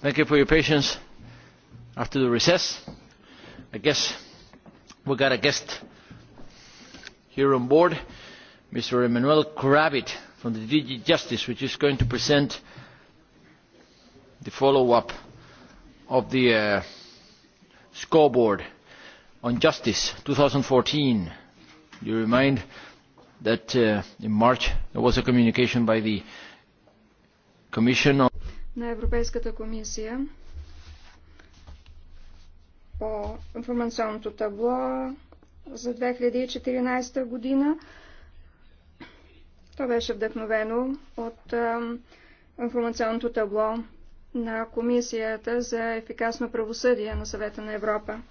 Thank you. for your patience after the recess. I guess we got a guest here on board, Mr. Emmanuel Kravit from the DG Justice, which is going to present the follow-up of the uh, scoreboard on justice 2014. You remind that uh, in March there was a communication by the Commission on на Европейската комисия по информационното табло за 2014 година. То беше вдъхновено от информационното табло на Комисията за ефикасно правосъдие на Съвета на Европа.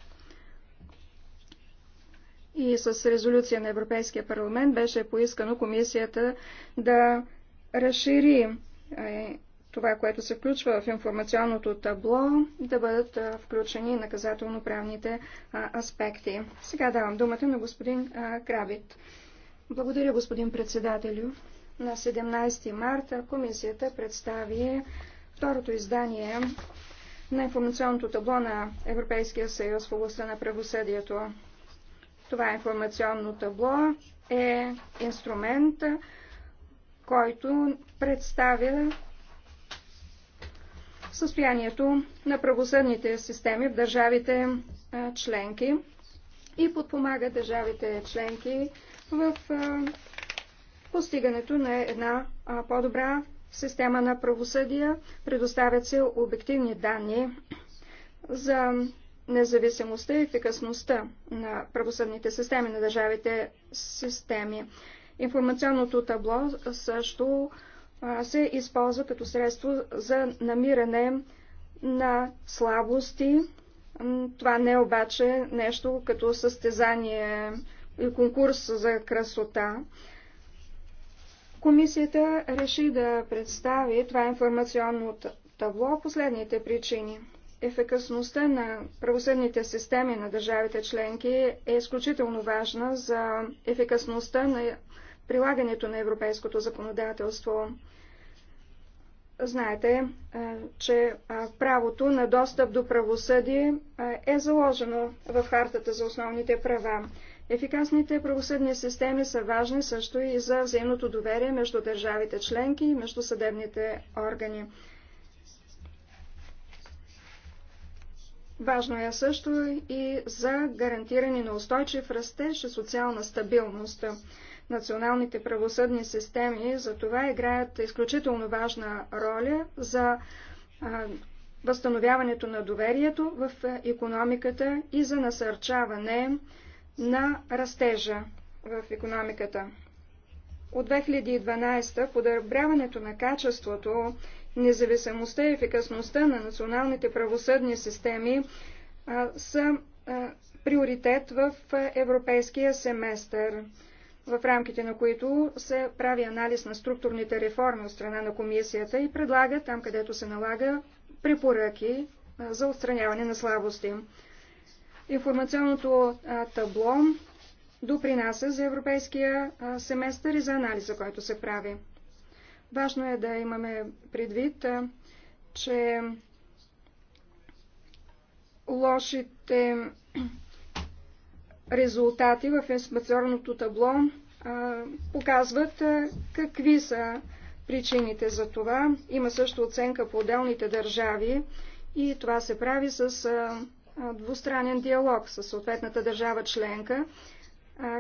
И с резолюция на Европейския парламент беше поискано Комисията да разшири това, което се включва в информационното табло, да бъдат включени наказателно-правните аспекти. Сега давам думата на господин Крабит. Благодаря, господин председателю. На 17 марта комисията представи второто издание на информационното табло на Европейския съюз в областта на правосъдието. Това информационно табло е инструмент, който представя състоянието на правосъдните системи в държавите членки и подпомага държавите членки в постигането на една по-добра система на правосъдие. Предоставят се обективни данни за независимостта и ефикасността на правосъдните системи на държавите системи. Информационното табло също се използва като средство за намиране на слабости. Това не е обаче нещо като състезание и конкурс за красота. Комисията реши да представи това информационно табло последните причини. Ефекасността на правосъдните системи на държавите членки е изключително важна за ефикасността на прилагането на европейското законодателство. Знаете, че правото на достъп до правосъдие е заложено в Хартата за основните права. Ефикасните правосъдни системи са важни също и за взаимното доверие между държавите членки и между съдебните органи. Важно е също и за гарантиране на устойчив растеж и социална стабилност националните правосъдни системи, за това играят изключително важна роля за възстановяването на доверието в економиката и за насърчаване на растежа в економиката. От 2012 подобряването на качеството, независимостта и ефикасността на националните правосъдни системи а, са а, приоритет в европейския семестър в рамките на които се прави анализ на структурните реформи от страна на комисията и предлага там, където се налага, препоръки за отстраняване на слабости. Информационното табло допринася за европейския семестър и за анализа, който се прави. Важно е да имаме предвид, че лошите резултати в информационното табло показват какви са причините за това. Има също оценка по отделните държави и това се прави с двустранен диалог с съответната държава членка,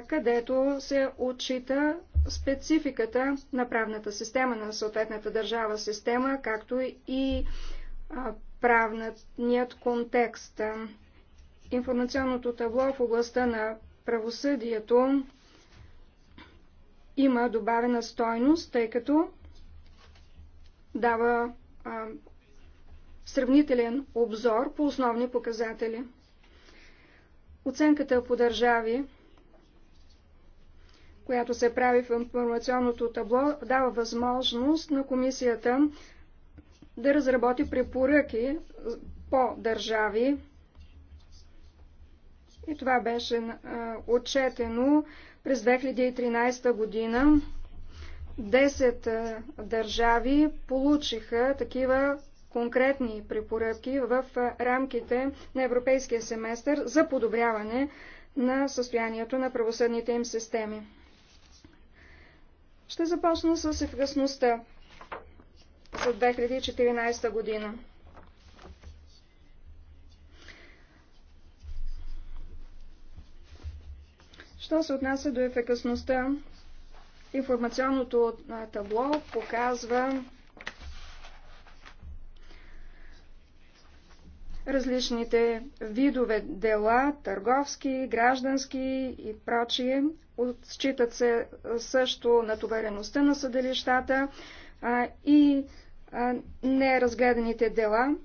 където се отчита спецификата на правната система на съответната държава система, както и правният контекст информационното табло в областта на правосъдието има добавена стойност, тъй като дава а, сравнителен обзор по основни показатели. Оценката по държави, която се прави в информационното табло, дава възможност на комисията да разработи препоръки по държави и това беше отчетено през 2013 година. 10 държави получиха такива конкретни препоръки в рамките на Европейския семестър за подобряване на състоянието на правосъдните им системи. Ще започна с ефикасността за 2014 година. Що се отнася до ефекасността, информационното табло показва различните видове дела, търговски, граждански и прочие. Отчитат се също натовареността на съдилищата и неразгледаните дела.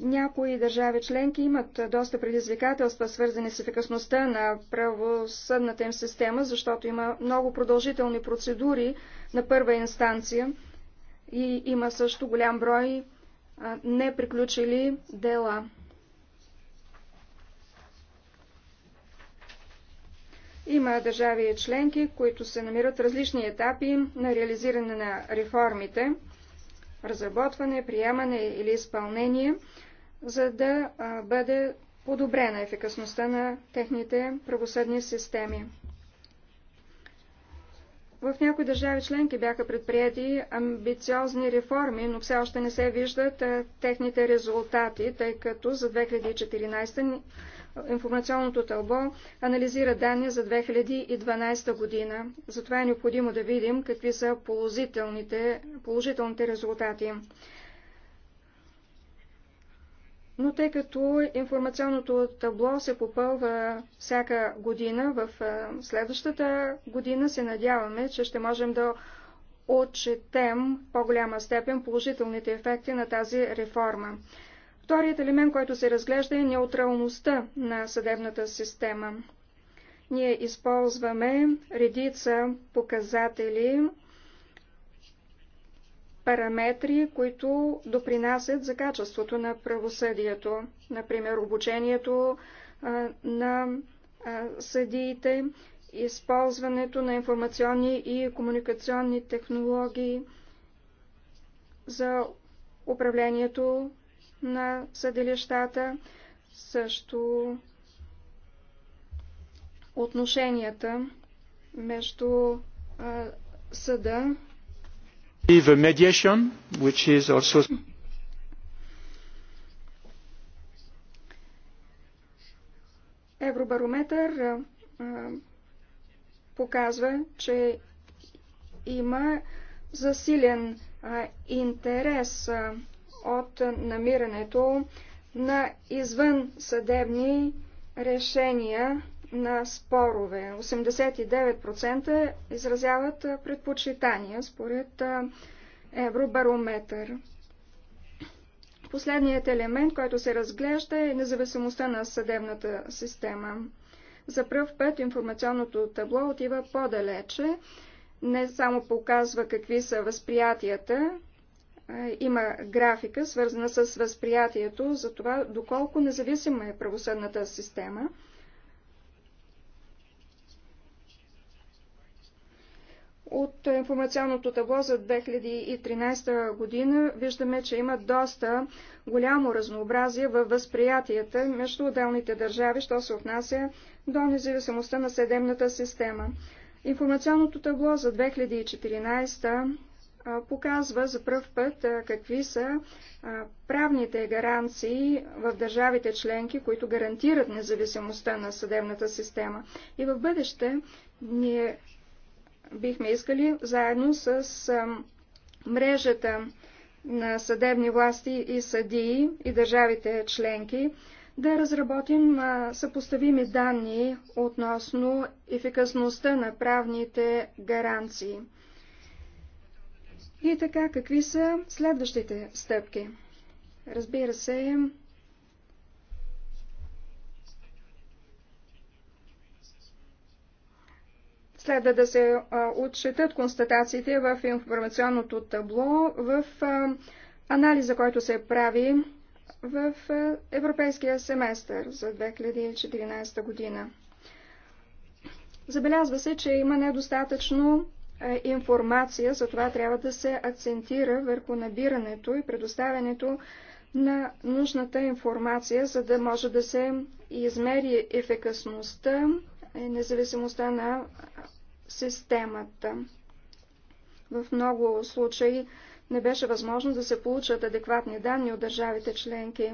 Някои държави членки имат доста предизвикателства, свързани с ефикасността на правосъдната им система, защото има много продължителни процедури на първа инстанция и има също голям брой неприключили дела. Има държави и членки, които се намират в различни етапи на реализиране на реформите, разработване, приемане или изпълнение – за да бъде подобрена ефикасността на техните правосъдни системи. В някои държави членки бяха предприяти амбициозни реформи, но все още не се виждат техните резултати, тъй като за 2014 информационното тълбо анализира данни за 2012 година. Затова е необходимо да видим какви са положителните, положителните резултати. Но тъй като информационното табло се попълва всяка година, в следващата година се надяваме, че ще можем да отчетем по-голяма степен положителните ефекти на тази реформа. Вторият елемент, който се разглежда е неутралността на съдебната система. Ние използваме редица показатели параметри, които допринасят за качеството на правосъдието. Например, обучението на съдиите, използването на информационни и комуникационни технологии за управлението на съдилищата, също отношенията между съда mediation, which is also Евробарометър показва, че има засилен интерес от намирането на извън съдебни решения на спорове. 89% изразяват предпочитания според Евробарометър. Последният елемент, който се разглежда е независимостта на съдебната система. За пръв път информационното табло отива по-далече, не само показва какви са възприятията, има графика, свързана с възприятието за това, доколко независима е правосъдната система – От информационното табло за 2013 година виждаме, че има доста голямо разнообразие във възприятията между отделните държави, що се отнася до независимостта на съдебната система. Информационното табло за 2014 показва за пръв път какви са правните гаранции в държавите членки, които гарантират независимостта на съдебната система. И в бъдеще ние бихме искали заедно с мрежата на съдебни власти и съдии и държавите членки да разработим съпоставими данни относно ефикасността на правните гаранции. И така, какви са следващите стъпки? Разбира се, Следва да се отчетат констатациите в информационното табло, в анализа, който се прави в Европейския семестър за 2014 година. Забелязва се, че има недостатъчно информация, затова трябва да се акцентира върху набирането и предоставянето на нужната информация, за да може да се измери ефекасността и независимостта на системата. В много случаи не беше възможно да се получат адекватни данни от държавите членки.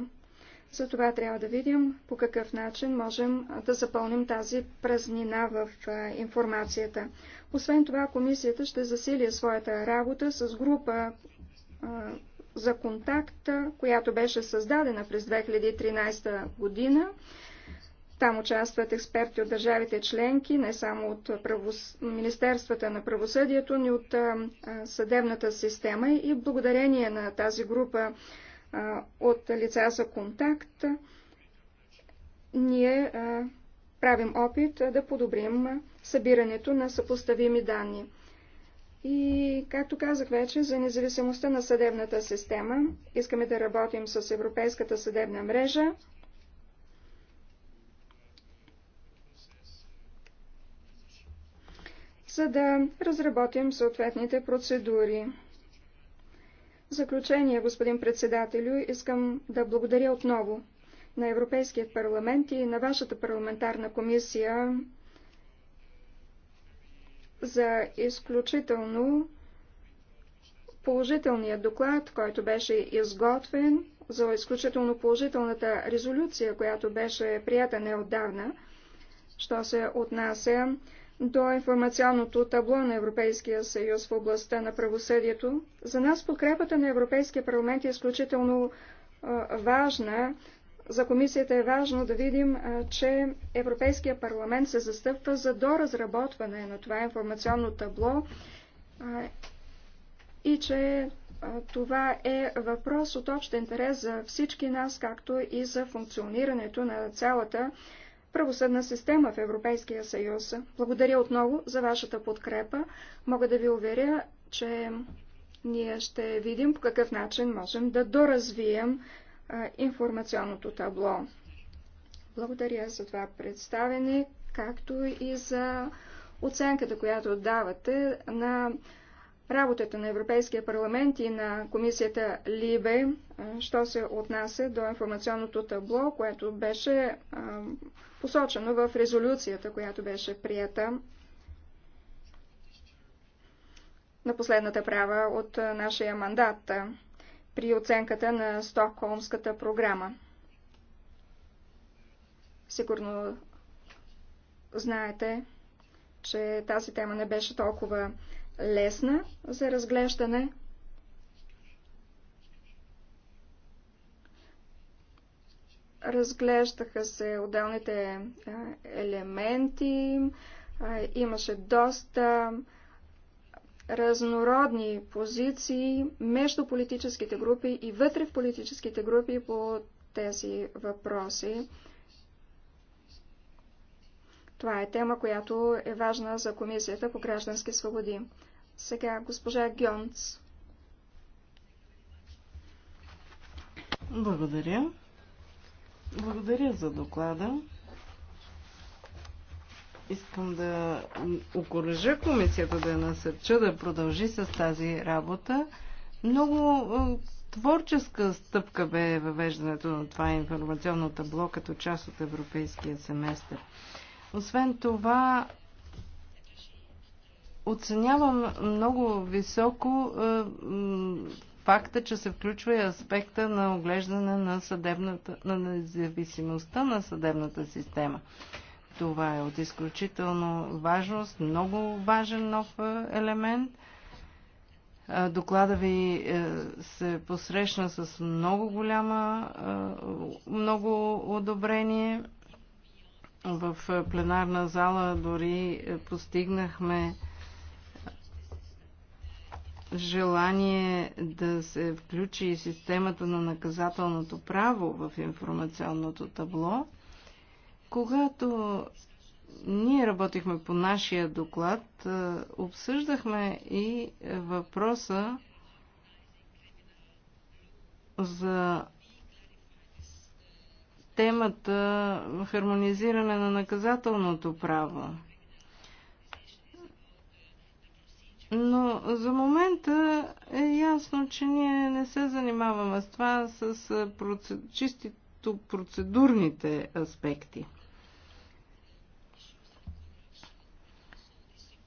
За това трябва да видим по какъв начин можем да запълним тази празнина в информацията. Освен това, комисията ще засили своята работа с група за контакт, която беше създадена през 2013 година там участват експерти от държавите членки, не само от правос... Министерствата на правосъдието, но и от а, съдебната система. И благодарение на тази група а, от лица за контакт, ние а, правим опит да подобрим събирането на съпоставими данни. И, както казах вече, за независимостта на съдебната система искаме да работим с Европейската съдебна мрежа, за да разработим съответните процедури. В заключение, господин председателю, искам да благодаря отново на Европейския парламент и на вашата парламентарна комисия за изключително положителния доклад, който беше изготвен, за изключително положителната резолюция, която беше прията неотдавна, що се отнася до информационното табло на Европейския съюз в областта на правосъдието. За нас подкрепата на Европейския парламент е изключително важна. За комисията е важно да видим, че Европейския парламент се застъпва за доразработване на това информационно табло и че това е въпрос от общ интерес за всички нас, както и за функционирането на цялата правосъдна система в Европейския съюз. Благодаря отново за вашата подкрепа. Мога да ви уверя, че ние ще видим по какъв начин можем да доразвием информационното табло. Благодаря за това представене, както и за оценката, която давате на работата на Европейския парламент и на комисията Либе, що се отнася до информационното табло, което беше посочено в резолюцията, която беше прията на последната права от нашия мандат при оценката на Стокхолмската програма. Сигурно знаете, че тази тема не беше толкова лесна за разглеждане. Разглеждаха се отделните елементи, имаше доста разнородни позиции между политическите групи и вътре в политическите групи по тези въпроси. Това е тема, която е важна за Комисията по граждански свободи. Сега госпожа Гьонц. Благодаря. Благодаря за доклада. Искам да окоръжа комисията да я насърча да продължи с тази работа. Много е, творческа стъпка бе въвеждането на това информационно табло като част от европейския семестър. Освен това, Оценявам много високо е, факта, че се включва и аспекта на оглеждане на, съдебната, на независимостта на съдебната система. Това е от изключително важност, много важен нов е, елемент. Е, доклада ви се посрещна с много голяма, много одобрение. В пленарна зала дори постигнахме желание да се включи системата на наказателното право в информационното табло. Когато ние работихме по нашия доклад, обсъждахме и въпроса за темата хармонизиране на наказателното право. Но за момента е ясно, че ние не се занимаваме с това, с процед... чистито процедурните аспекти.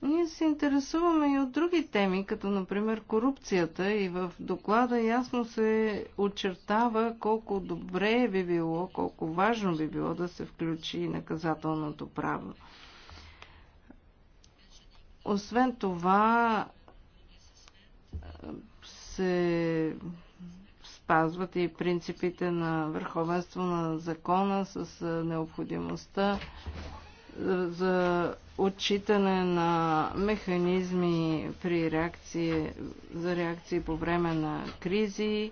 Ние се интересуваме и от други теми, като например корупцията и в доклада ясно се очертава колко добре би било, колко важно би било да се включи наказателното право. Освен това се спазват и принципите на върховенство на закона с необходимостта за отчитане на механизми при реакции, за реакции по време на кризи.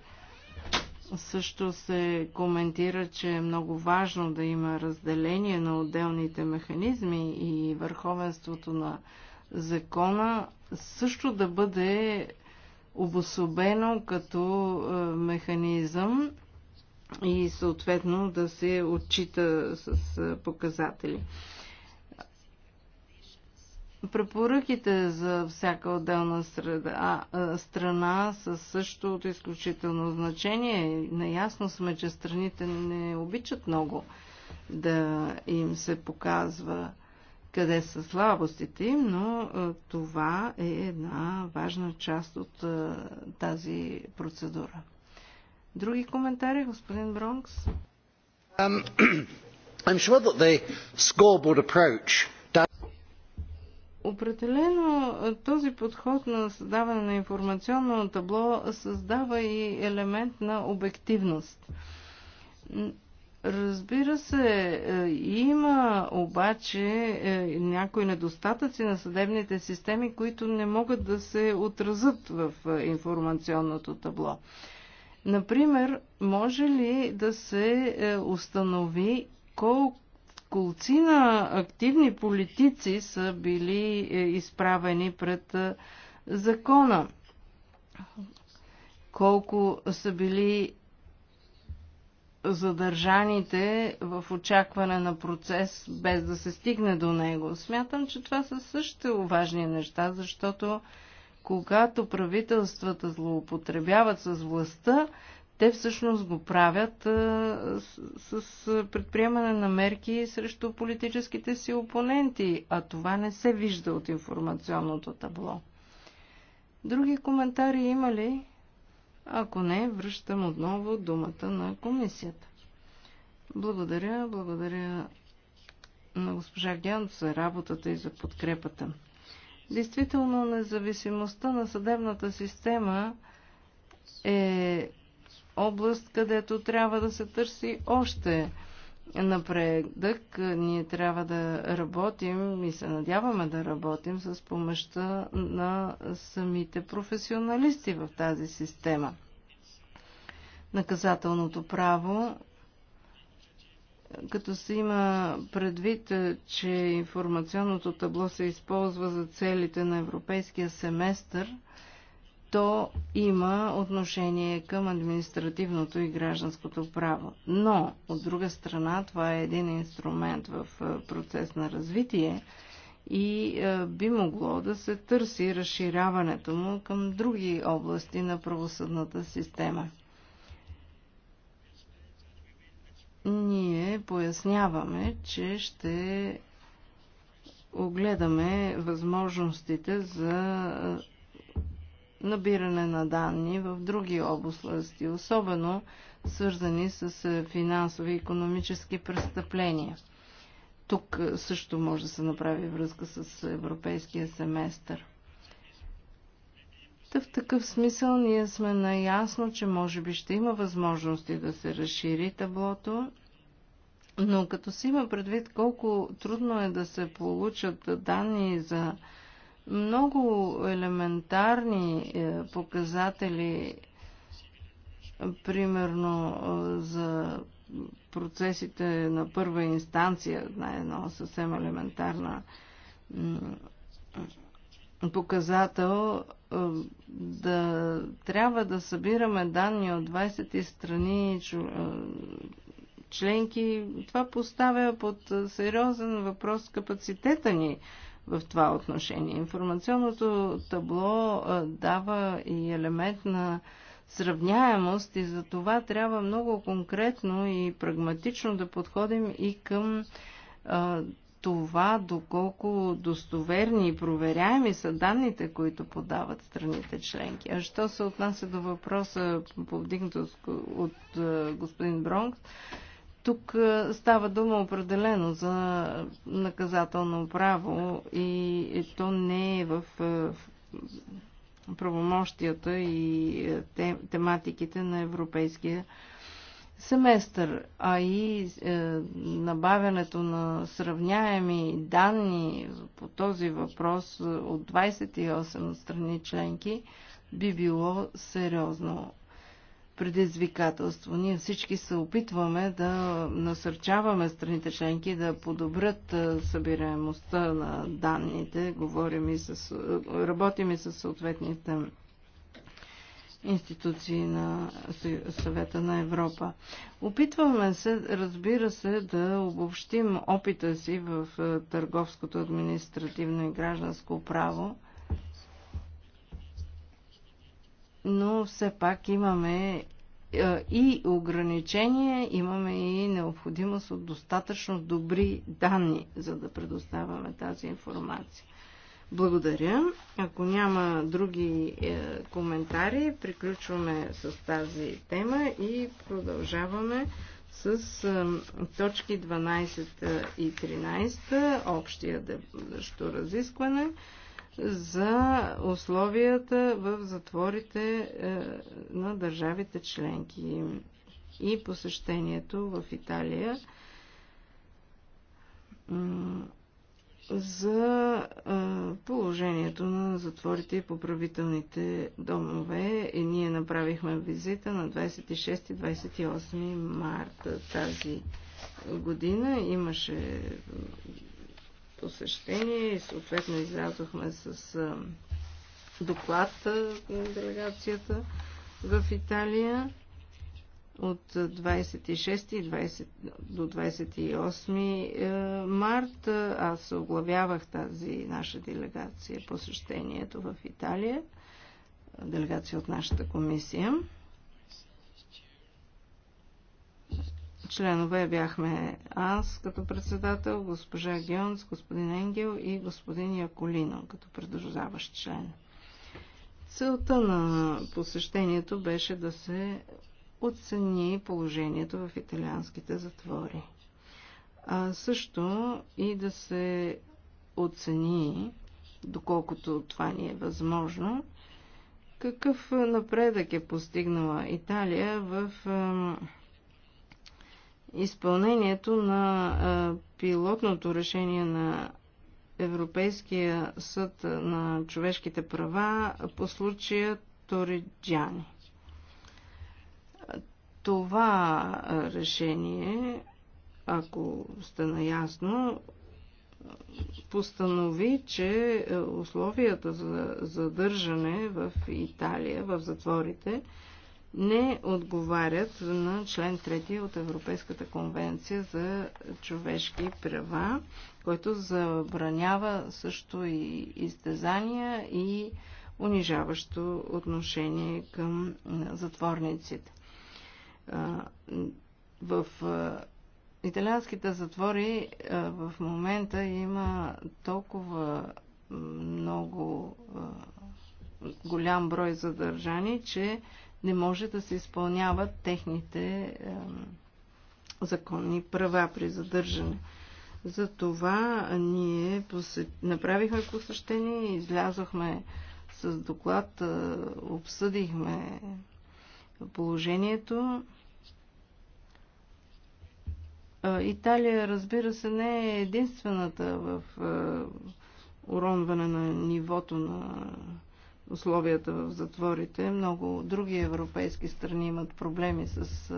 Също се коментира, че е много важно да има разделение на отделните механизми и върховенството на закона също да бъде обособено като е, механизъм и съответно да се отчита с е, показатели. Препоръките за всяка отделна среда, е, страна са също от изключително значение. Наясно сме, че страните не обичат много да им се показва къде са слабостите им, но това е една важна част от тази процедура. Други коментари, господин Бронкс? Um, sure that the scoreboard approach Определено този подход на създаване на информационно табло създава и елемент на обективност. Разбира се, е, има обаче е, някои недостатъци на съдебните системи, които не могат да се отразят в е, информационното табло. Например, може ли да се установи колко на активни политици са били изправени пред закона? Колко са били задържаните в очакване на процес, без да се стигне до него. Смятам, че това са също важни неща, защото когато правителствата злоупотребяват с властта, те всъщност го правят а, с, с предприемане на мерки срещу политическите си опоненти, а това не се вижда от информационното табло. Други коментари има ли? Ако не, връщам отново думата на комисията. Благодаря, благодаря на госпожа Гянт за работата и за подкрепата. Действително, независимостта на съдебната система е област, където трябва да се търси още напредък. Ние трябва да работим и се надяваме да работим с помощта на самите професионалисти в тази система. Наказателното право като се има предвид, че информационното табло се използва за целите на европейския семестър, то има отношение към административното и гражданското право. Но, от друга страна, това е един инструмент в процес на развитие и би могло да се търси разширяването му към други области на правосъдната система. Ние поясняваме, че ще огледаме възможностите за набиране на данни в други области, особено свързани с е, финансови и економически престъпления. Тук е, също може да се направи връзка с европейския семестър. Та в такъв смисъл ние сме наясно, че може би ще има възможности да се разшири таблото, но като си има предвид колко трудно е да се получат данни за много елементарни е, показатели, примерно е, за процесите на първа инстанция, на едно съвсем елементарна показател, е, да трябва да събираме данни от 20 страни членки, това поставя под сериозен въпрос капацитета ни в това отношение. Информационното табло дава и елемент на сравняемост и за това трябва много конкретно и прагматично да подходим и към а, това доколко достоверни и проверяеми са данните, които подават страните членки. А що се отнася до въпроса, повдигнат от, от господин Бронкс, тук е, става дума определено за наказателно право и то не е в е, правомощията и е, тематиките на Европейския семестър, а и набавянето на сравняеми данни по този въпрос от 28 страни членки би било сериозно предизвикателство. Ние всички се опитваме да насърчаваме страните членки да подобрят събираемостта на данните. Говорим и с, работим и с съответните институции на съвета на Европа. Опитваме се, разбира се, да обобщим опита си в търговското, административно и гражданско право – но все пак имаме е, и ограничения, имаме и необходимост от достатъчно добри данни, за да предоставяме тази информация. Благодаря. Ако няма други е, коментари, приключваме с тази тема и продължаваме с е, точки 12 и 13, общия разискване за условията в затворите е, на държавите членки и посещението в Италия за е, положението на затворите и поправителните домове. И ние направихме визита на 26-28 марта тази година. Имаше посещение и съответно излязохме с доклад на делегацията в Италия от 26 и 20, до 28 е, март. Аз оглавявах тази наша делегация, посещението в Италия, делегация от нашата комисия. членове бяхме аз като председател, госпожа Гионс, господин Енгел и господин Яколино като продължаващ член. Целта на посещението беше да се оцени положението в италианските затвори. А също и да се оцени, доколкото това ни е възможно, какъв напредък е постигнала Италия в изпълнението на пилотното решение на Европейския съд на човешките права по случая Ториджани. Това решение, ако сте наясно, постанови, че условията за задържане в Италия, в затворите, не отговарят на член 3 от Европейската конвенция за човешки права, който забранява също и изтезания и унижаващо отношение към затворниците. В италианските затвори в момента има толкова много голям брой задържани, че не може да се изпълняват техните е, законни права при задържане. Затова ние посет... направихме посещение, излязохме с доклад, е, обсъдихме положението. Е, Италия, разбира се, не е единствената в е, уронване на нивото на условията в затворите. Много други европейски страни имат проблеми с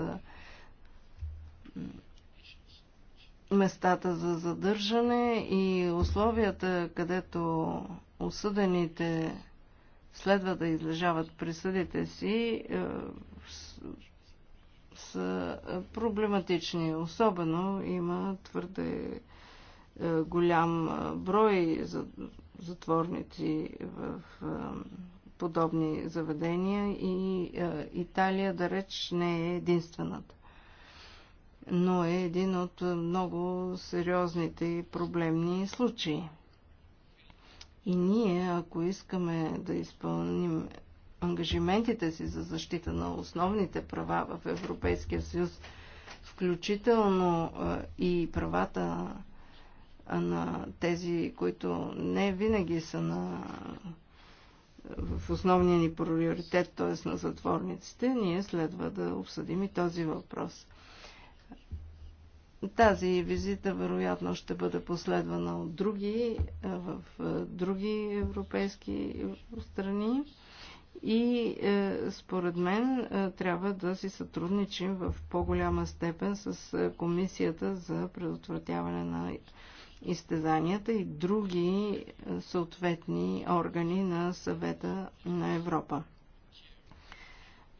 местата за задържане и условията, където осъдените следва да излежават присъдите си, са проблематични. Особено има твърде голям брой затворници в подобни заведения и Италия, да реч, не е единствената. Но е един от много сериозните и проблемни случаи. И ние, ако искаме да изпълним ангажиментите си за защита на основните права в Европейския съюз, включително и правата на тези, които не винаги са на, в основния ни приоритет, т.е. на затворниците, ние следва да обсъдим и този въпрос. Тази визита вероятно ще бъде последвана от други, в други европейски страни и е, според мен е, трябва да си сътрудничим в по-голяма степен с е, Комисията за предотвратяване на изтезанията и други е, съответни органи на съвета на Европа.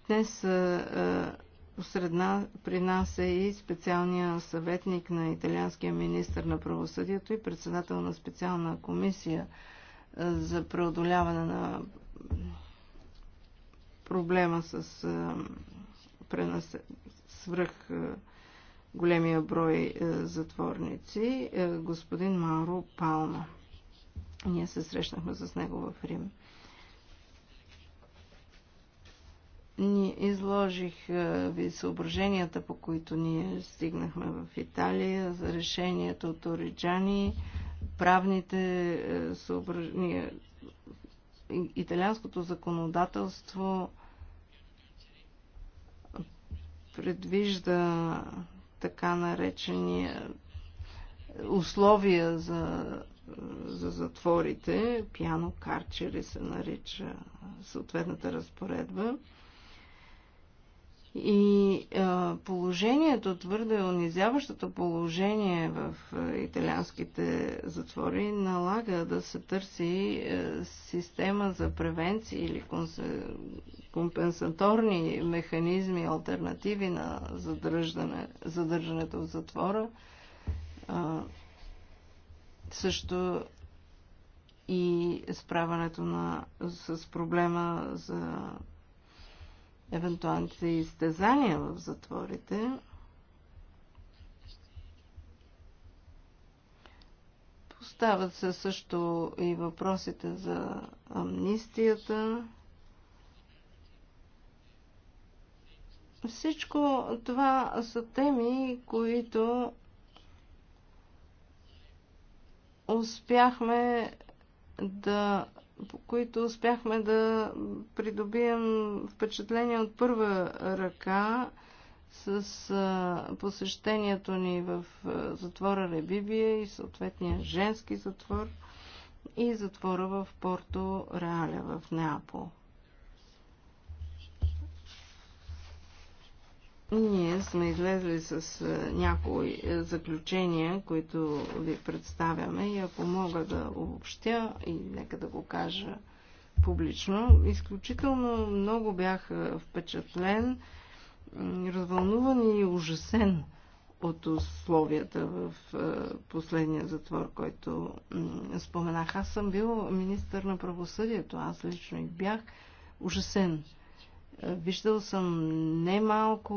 Днес е, е, сред нас, при нас е и специалния съветник на италианския министр на правосъдието и председател на специална комисия за преодоляване на проблема с пренасе, свръх големия брой е, затворници, е, господин Мауро Палма. Ние се срещнахме с него в Рим. Ни изложих е, ви съображенията, по които ние стигнахме в Италия, за решението от Ориджани, правните съображения, италианското законодателство предвижда така наречени е, условия за, за затворите, пиано карчери се нарича е, съответната разпоредба, и а, положението, твърде унизяващото положение в а, италианските затвори налага да се търси а, система за превенции или конс... компенсаторни механизми, альтернативи на задържане, задържането в затвора. А, също и справането на, с проблема за евентуалните изтезания в затворите. Поставят се също и въпросите за амнистията. Всичко това са теми, които успяхме да по които успяхме да придобием впечатление от първа ръка с посещението ни в затвора Ребибия и съответния женски затвор и затвора в Порто Реале в Неапол. ние сме излезли с е, някои е, заключения, които ви представяме и ако мога да обобщя и нека да го кажа публично, изключително много бях е, впечатлен, развълнуван и ужасен от условията в последния затвор, който споменах. Аз съм бил министър на правосъдието, аз лично и бях ужасен Виждал съм немалко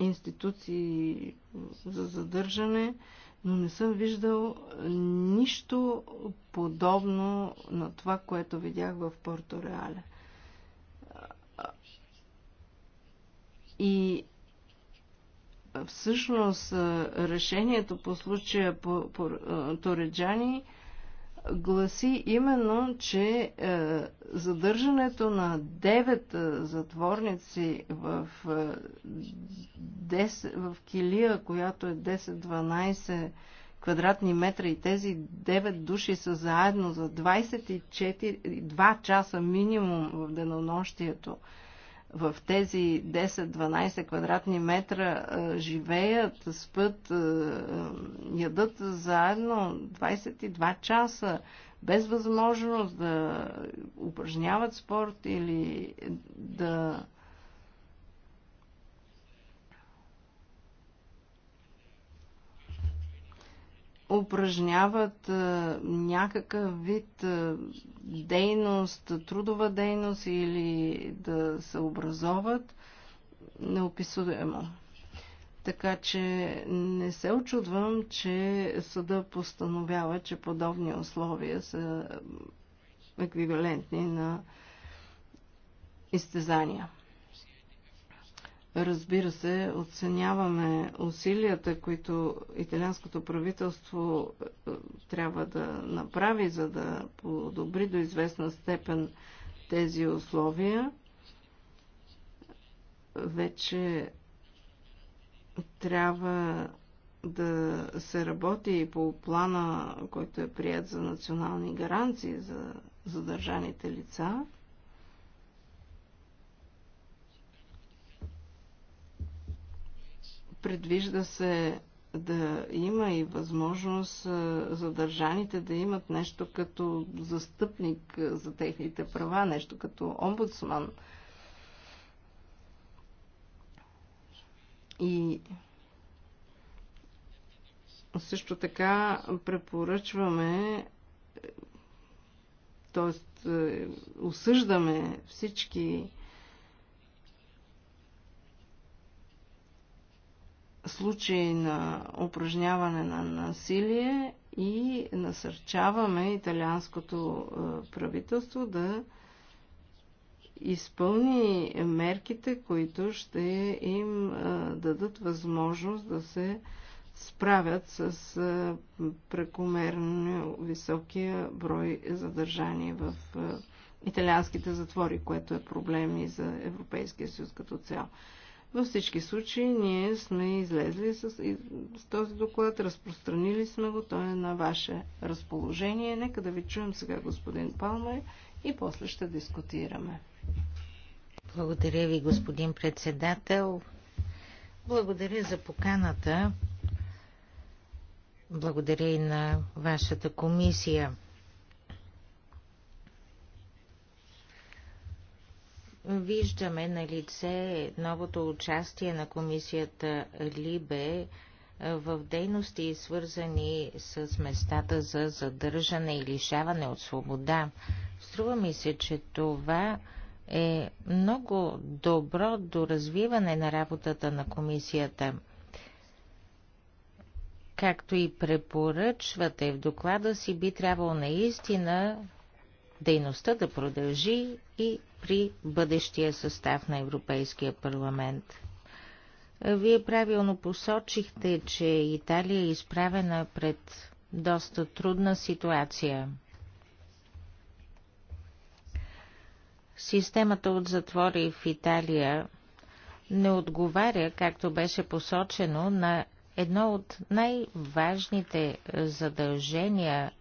е, институции за задържане, но не съм виждал нищо подобно на това, което видях в Порто Реале. И всъщност е, решението по случая по, по, е, Тореджани гласи именно, че е, задържането на 9 е, затворници в, е, 10, в килия, която е 10-12 квадратни метра и тези 9 души са заедно за 24, 2 часа минимум в денонощието, е, в тези 10-12 квадратни метра живеят, спът, ядат заедно 22 часа, без възможност да упражняват спорт или да упражняват някакъв вид дейност, трудова дейност или да се образоват, неописуемо. Така че не се очудвам, че съда постановява, че подобни условия са еквивалентни на изтезания. Разбира се, оценяваме усилията, които италианското правителство е, трябва да направи, за да подобри до известна степен тези условия. Вече трябва да се работи и по плана, който е прият за национални гаранции за задържаните лица. Предвижда се да има и възможност задържаните да имат нещо като застъпник за техните права, нещо като омбудсман. И също така препоръчваме, т.е. Е, осъждаме всички случаи на упражняване на насилие и насърчаваме италианското е, правителство да изпълни мерките, които ще им е, дадат възможност да се справят с е, прекомерно високия брой задържани в италианските затвори, което е проблем и за Европейския съюз като цяло. Във всички случаи ние сме излезли с, с този доклад, разпространили сме го, той е на ваше разположение. Нека да ви чуем сега господин Палмер и после ще дискутираме. Благодаря ви, господин председател. Благодаря за поканата. Благодаря и на вашата комисия. Виждаме на лице новото участие на комисията Либе е, в дейности, свързани с местата за задържане и лишаване от свобода. Струва ми се, че това е много добро до развиване на работата на комисията. Както и препоръчвате в доклада си, би трябвало наистина дейността да продължи и при бъдещия състав на Европейския парламент. Вие правилно посочихте, че Италия е изправена пред доста трудна ситуация. Системата от затвори в Италия не отговаря, както беше посочено, на едно от най-важните задължения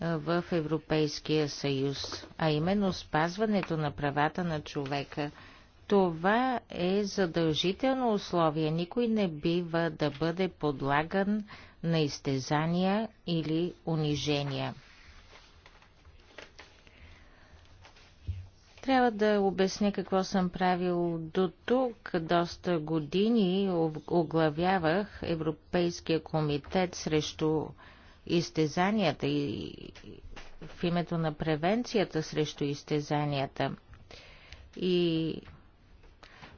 в Европейския съюз, а именно спазването на правата на човека. Това е задължително условие. Никой не бива да бъде подлаган на изтезания или унижения. Трябва да обясня какво съм правил до тук. Доста години оглавявах Европейския комитет срещу изтезанията и в името на превенцията срещу изтезанията. И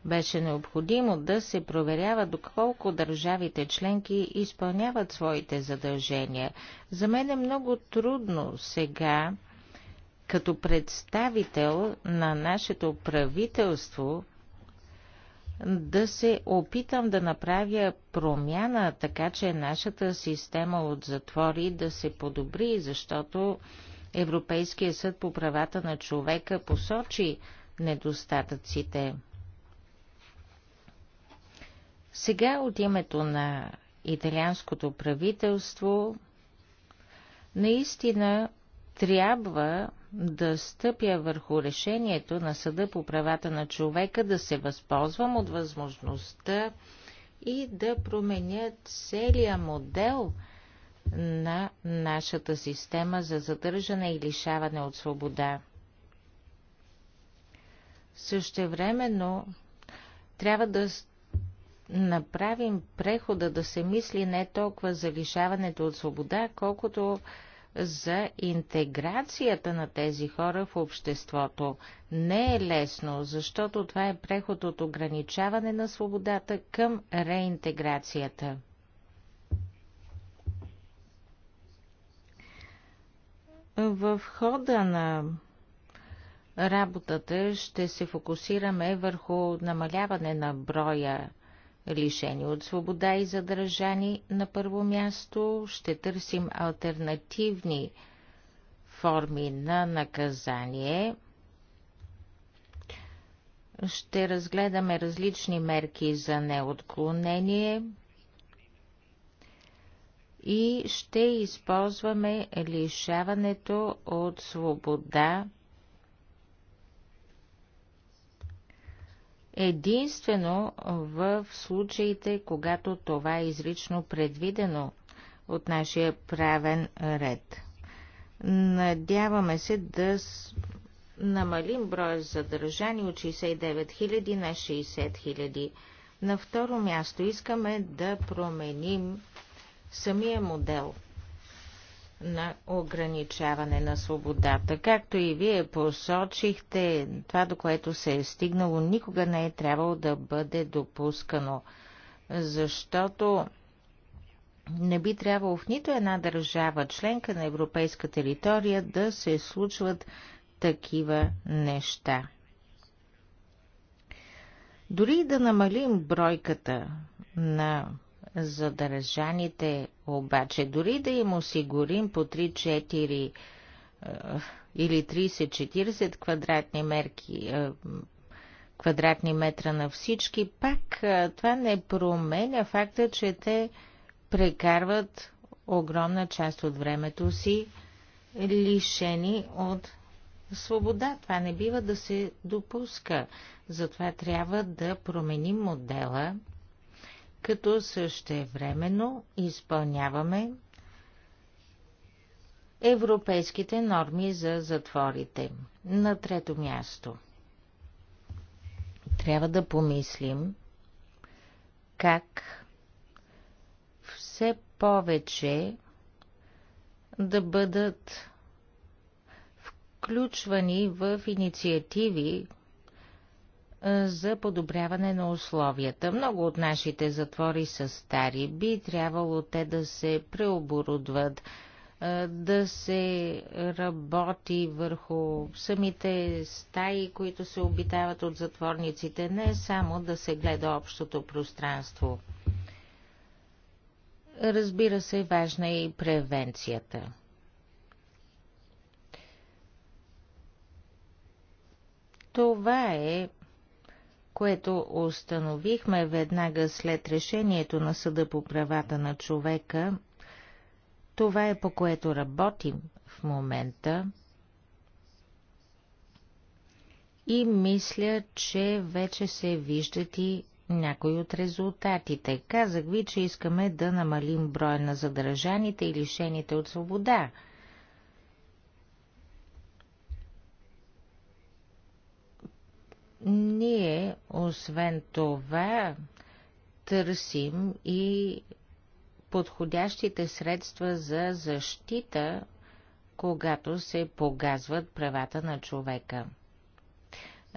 беше необходимо да се проверява доколко държавите членки изпълняват своите задължения. За мен е много трудно сега, като представител на нашето правителство, да се опитам да направя промяна, така че нашата система от затвори да се подобри, защото Европейския съд по правата на човека посочи недостатъците. Сега от името на италианското правителство наистина трябва да стъпя върху решението на Съда по правата на човека, да се възползвам от възможността и да променя целия модел на нашата система за задържане и лишаване от свобода. Същевременно трябва да направим прехода да се мисли не толкова за лишаването от свобода, колкото за интеграцията на тези хора в обществото. Не е лесно, защото това е преход от ограничаване на свободата към реинтеграцията. В хода на работата ще се фокусираме върху намаляване на броя лишени от свобода и задържани на първо място. Ще търсим альтернативни форми на наказание. Ще разгледаме различни мерки за неотклонение и ще използваме лишаването от свобода единствено в случаите, когато това е изрично предвидено от нашия правен ред. Надяваме се да намалим броя задържани от 69 000 на 60 000. На второ място искаме да променим самия модел – на ограничаване на свободата. Както и вие посочихте, това до което се е стигнало никога не е трябвало да бъде допускано, защото не би трябвало в нито една държава, членка на европейска територия, да се случват такива неща. Дори да намалим бройката на задържаните обаче дори да им осигурим по 3-4 е, или 30-40 квадратни мерки, е, квадратни метра на всички, пак е, това не променя факта, че те прекарват огромна част от времето си лишени от свобода. Това не бива да се допуска. Затова трябва да променим модела като същевременно изпълняваме европейските норми за затворите. На трето място трябва да помислим как все повече да бъдат включвани в инициативи, е, за подобряване на условията. Много от нашите затвори са стари. Би трябвало те да се преоборудват, е, да се работи върху самите стаи, които се обитават от затворниците, не само да се гледа общото пространство. Разбира се, важна е и превенцията. Това е което установихме веднага след решението на Съда по правата на човека. Това е по което работим в момента. И мисля, че вече се виждат и някои от резултатите. Казах ви, че искаме да намалим броя на задържаните и лишените от свобода – Ние, освен това, търсим и подходящите средства за защита, когато се погазват правата на човека.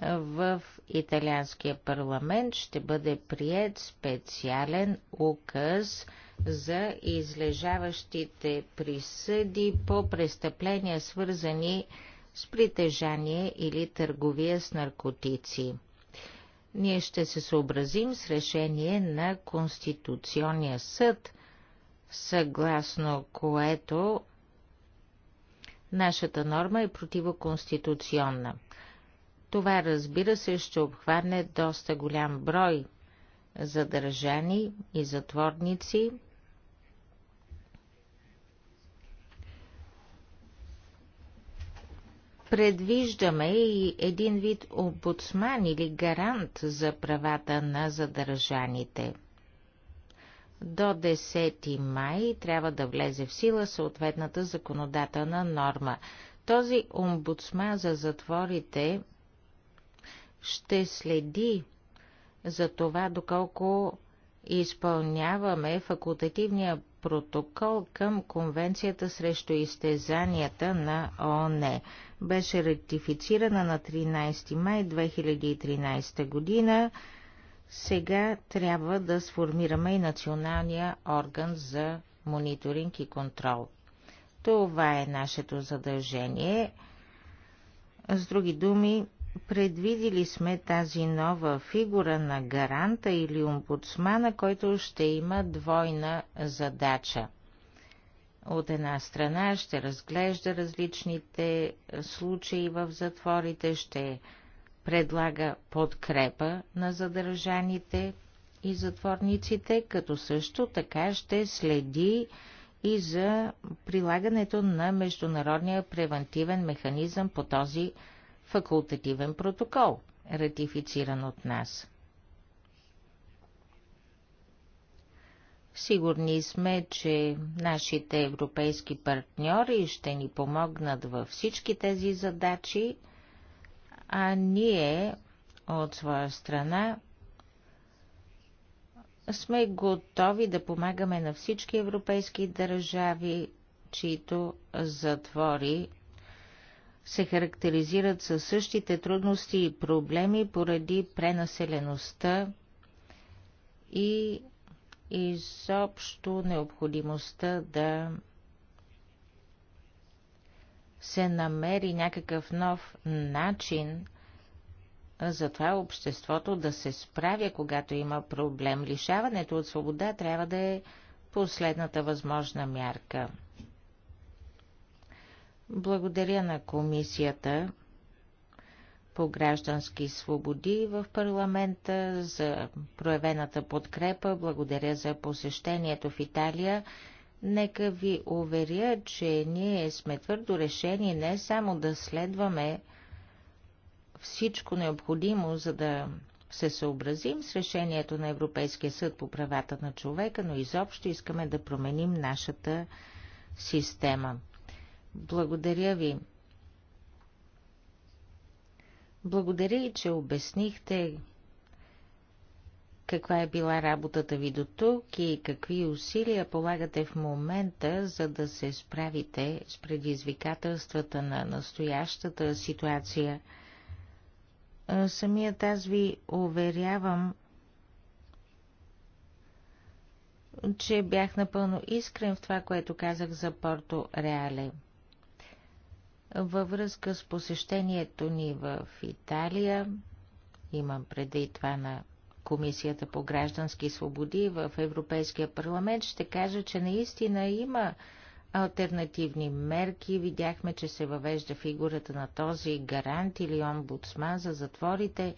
В италианския парламент ще бъде прият специален указ за излежаващите присъди по престъпления, свързани с с притежание или търговия с наркотици. Ние ще се съобразим с решение на Конституционния съд, съгласно което нашата норма е противоконституционна. Това, разбира се, ще обхване доста голям брой задържани и затворници, Предвиждаме и един вид обудсман или гарант за правата на задържаните. До 10 май трябва да влезе в сила съответната законодателна норма. Този омбудсман за затворите ще следи за това, доколко изпълняваме факултативния протокол към Конвенцията срещу изтезанията на ООН. Беше ратифицирана на 13 май 2013 година. Сега трябва да сформираме и националния орган за мониторинг и контрол. Това е нашето задължение. С други думи, Предвидили сме тази нова фигура на гаранта или омбудсмана, който ще има двойна задача. От една страна ще разглежда различните случаи в затворите, ще предлага подкрепа на задържаните и затворниците, като също така ще следи и за прилагането на международния превентивен механизъм по този факултативен протокол, ратифициран от нас. Сигурни сме, че нашите европейски партньори ще ни помогнат във всички тези задачи, а ние от своя страна сме готови да помагаме на всички европейски държави, чието затвори се характеризират със същите трудности и проблеми поради пренаселеността и изобщо необходимостта да се намери някакъв нов начин за това обществото да се справя, когато има проблем. Лишаването от свобода трябва да е последната възможна мярка. Благодаря на комисията по граждански свободи в парламента за проявената подкрепа. Благодаря за посещението в Италия. Нека ви уверя, че ние сме твърдо решени не само да следваме всичко необходимо, за да се съобразим с решението на Европейския съд по правата на човека, но изобщо искаме да променим нашата система. Благодаря ви. Благодаря и, че обяснихте каква е била работата ви до тук и какви усилия полагате в момента, за да се справите с предизвикателствата на настоящата ситуация. Самият аз ви уверявам, че бях напълно искрен в това, което казах за Порто Реале. Във връзка с посещението ни в Италия, имам преди това на Комисията по граждански свободи в Европейския парламент, ще кажа, че наистина има альтернативни мерки. Видяхме, че се въвежда фигурата на този гарант или омбудсман за затворите,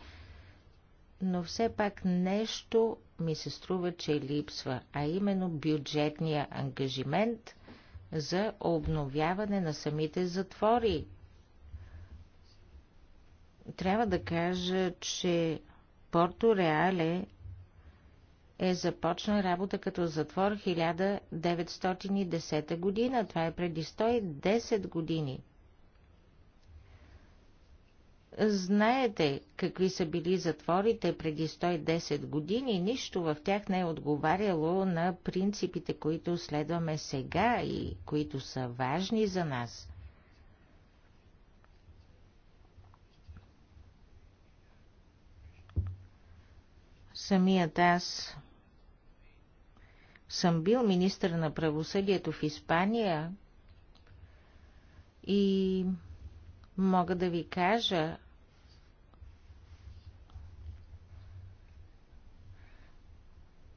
но все пак нещо ми се струва, че липсва, а именно бюджетния ангажимент – за обновяване на самите затвори. Трябва да кажа, че Порто Реале е започна работа като затвор 1910 година. Това е преди 110 години. Знаете какви са били затворите преди 110 години, нищо в тях не е отговаряло на принципите, които следваме сега и които са важни за нас. Самият аз съм бил министър на правосъдието в Испания и мога да ви кажа,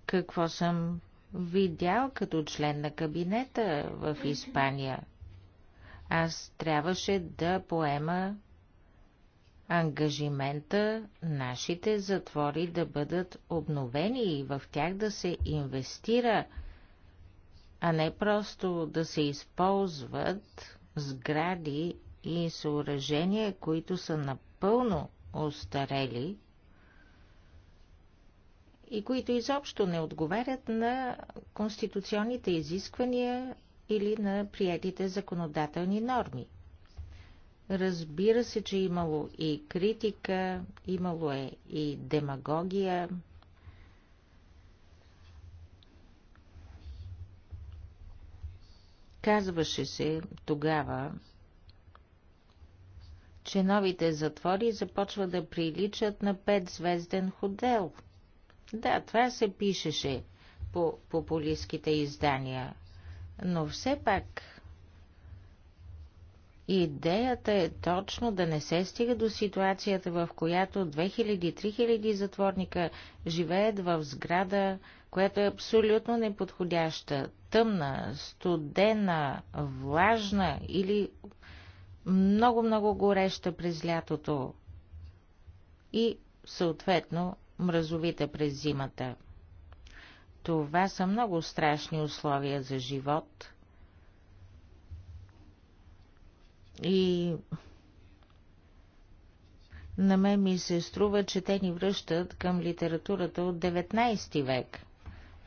какво съм видял като член на кабинета в Испания. Аз трябваше да поема ангажимента нашите затвори да бъдат обновени и в тях да се инвестира, а не просто да се използват сгради и съоръжения, които са напълно устарели и които изобщо не отговарят на конституционните изисквания или на приятите законодателни норми. Разбира се, че имало и критика, имало е и демагогия. Казваше се тогава, че новите затвори започват да приличат на петзвезден хотел – да, това се пишеше по популистските издания, но все пак идеята е точно да не се стига до ситуацията, в която 2000-3000 затворника живеят в сграда, която е абсолютно неподходяща, тъмна, студена, влажна или много-много гореща през лятото и съответно Мразовите през зимата. Това са много страшни условия за живот. И на мен ми се струва, че те ни връщат към литературата от 19 век,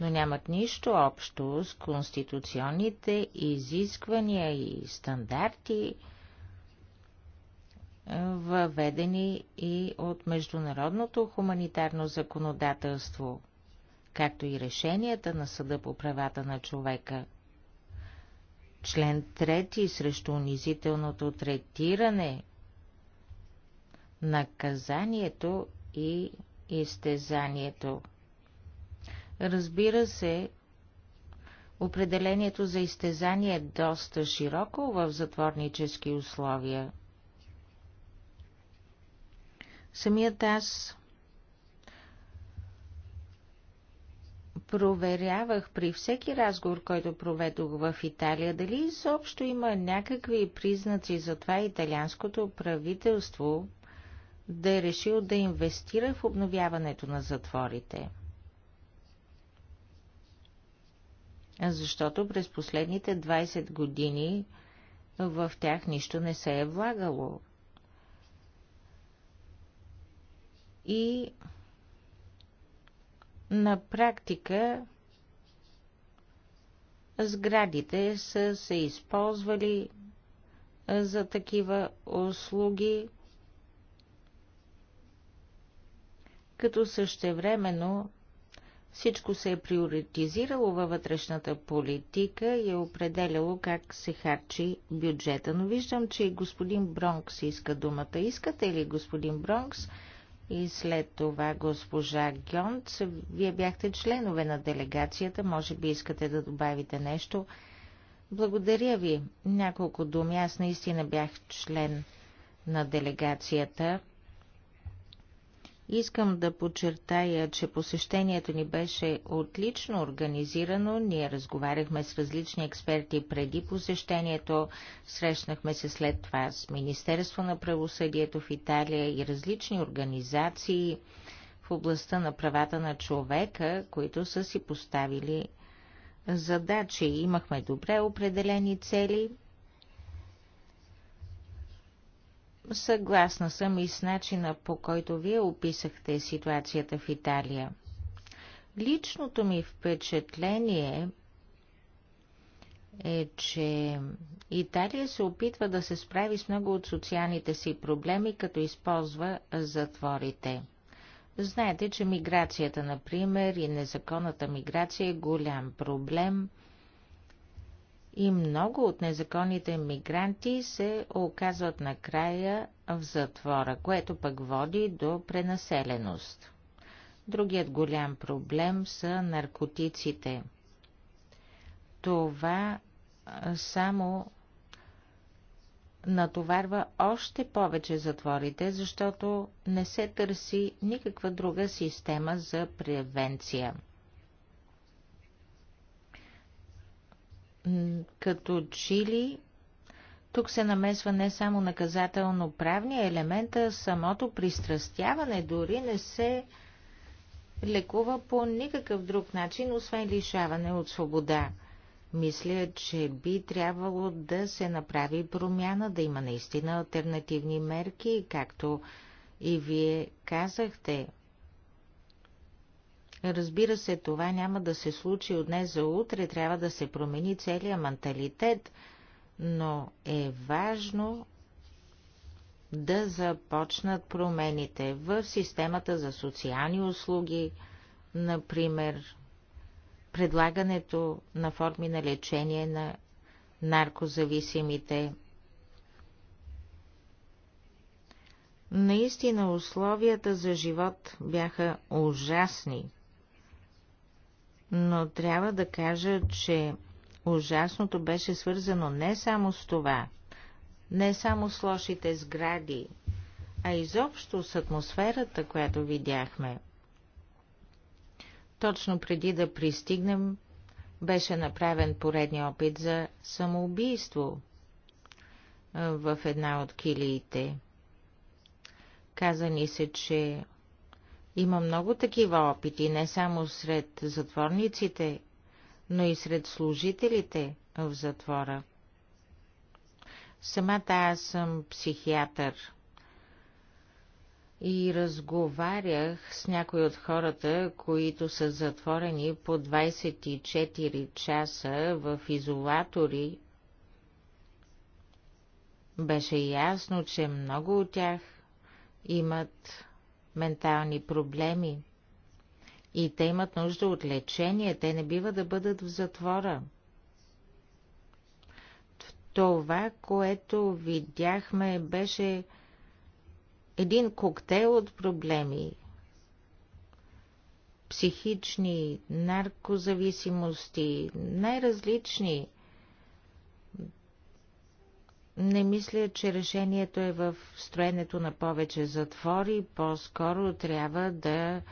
но нямат нищо общо с конституционните изисквания и стандарти, въведени и от международното хуманитарно законодателство, както и решенията на Съда по правата на човека. Член 3 срещу унизителното третиране, наказанието и изтезанието. Разбира се, определението за изтезание е доста широко в затворнически условия. Самият аз проверявах при всеки разговор, който проведох в Италия, дали изобщо има някакви признаци за това италианското правителство да е решил да инвестира в обновяването на затворите. Защото през последните 20 години в тях нищо не се е влагало. и на практика сградите са се използвали за такива услуги, като същевременно всичко се е приоритизирало във вътрешната политика и е определяло как се харчи бюджета. Но виждам, че и господин Бронкс иска думата. Искате ли, господин Бронкс? и след това госпожа Гьонц. Вие бяхте членове на делегацията, може би искате да добавите нещо. Благодаря ви. Няколко думи. Аз наистина бях член на делегацията. Искам да подчертая, че посещението ни беше отлично организирано. Ние разговаряхме с различни експерти преди посещението, срещнахме се след това с Министерство на правосъдието в Италия и различни организации в областта на правата на човека, които са си поставили задачи. Имахме добре определени цели Съгласна съм и с начина по който вие описахте ситуацията в Италия. Личното ми впечатление е, че Италия се опитва да се справи с много от социалните си проблеми, като използва затворите. Знаете, че миграцията, например, и незаконната миграция е голям проблем – и много от незаконните мигранти се оказват накрая в затвора, което пък води до пренаселеност. Другият голям проблем са наркотиците. Това само натоварва още повече затворите, защото не се търси никаква друга система за превенция. като Чили тук се намесва не само наказателно-правния елемент, а самото пристрастяване дори не се лекува по никакъв друг начин, освен лишаване от свобода. Мисля, че би трябвало да се направи промяна, да има наистина альтернативни мерки, както и вие казахте. Разбира се, това няма да се случи от днес за утре, трябва да се промени целият менталитет, но е важно да започнат промените в системата за социални услуги, например предлагането на форми на лечение на наркозависимите. Наистина условията за живот бяха ужасни но трябва да кажа, че ужасното беше свързано не само с това, не само с лошите сгради, а изобщо с атмосферата, която видяхме. Точно преди да пристигнем, беше направен поредния опит за самоубийство в една от килиите. Каза ни се, че има много такива опити, не само сред затворниците, но и сред служителите в затвора. Самата аз съм психиатър и разговарях с някои от хората, които са затворени по 24 часа в изолатори. Беше ясно, че много от тях имат ментални проблеми. И те имат нужда от лечение, те не бива да бъдат в затвора. Това, което видяхме, беше един коктейл от проблеми. Психични, наркозависимости, най-различни – не мисля, че решението е в строенето на повече затвори. По-скоро трябва да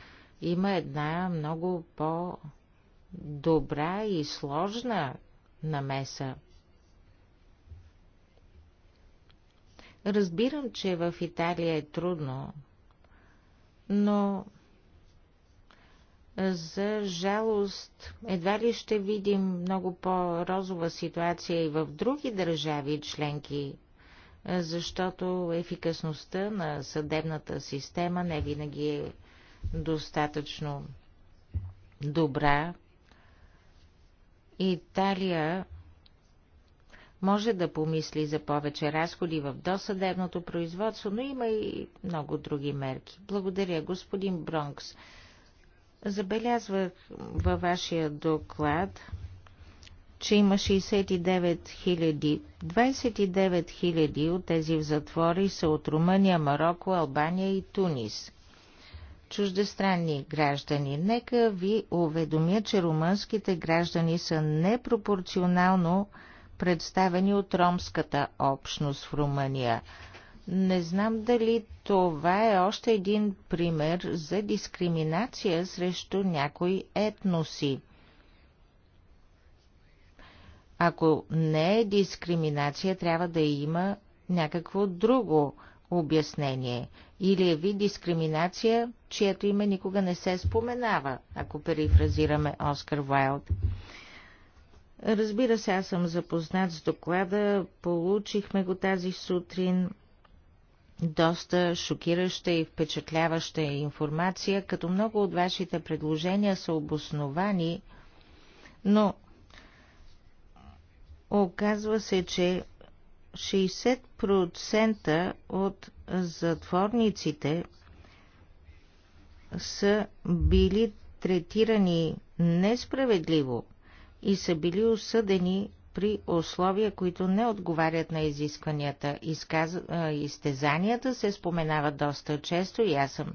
има една много по-добра и сложна намеса. Разбирам, че в Италия е трудно, но за жалост, едва ли ще видим много по-розова ситуация и в други държави членки, защото ефикасността на съдебната система не винаги е достатъчно добра. Италия може да помисли за повече разходи в досъдебното производство, но има и много други мерки. Благодаря, господин Бронкс. Забелязвах във вашия доклад, че има 69 000. 29 000 от тези в затвори са от Румъния, Марокко, Албания и Тунис. Чуждестранни граждани. Нека ви уведомя, че румънските граждани са непропорционално представени от ромската общност в Румъния. Не знам дали това е още един пример за дискриминация срещу някои етноси. Ако не е дискриминация, трябва да има някакво друго обяснение. Или е ви дискриминация, чието име никога не се споменава, ако перифразираме Оскар Вайлд. Разбира се, аз съм запознат с доклада, получихме го тази сутрин доста шокираща и впечатляваща информация, като много от вашите предложения са обосновани, но оказва се, че 60% от затворниците са били третирани несправедливо и са били осъдени при условия, които не отговарят на изискванията. Изказ... Изтезанията се споменават доста често и аз съм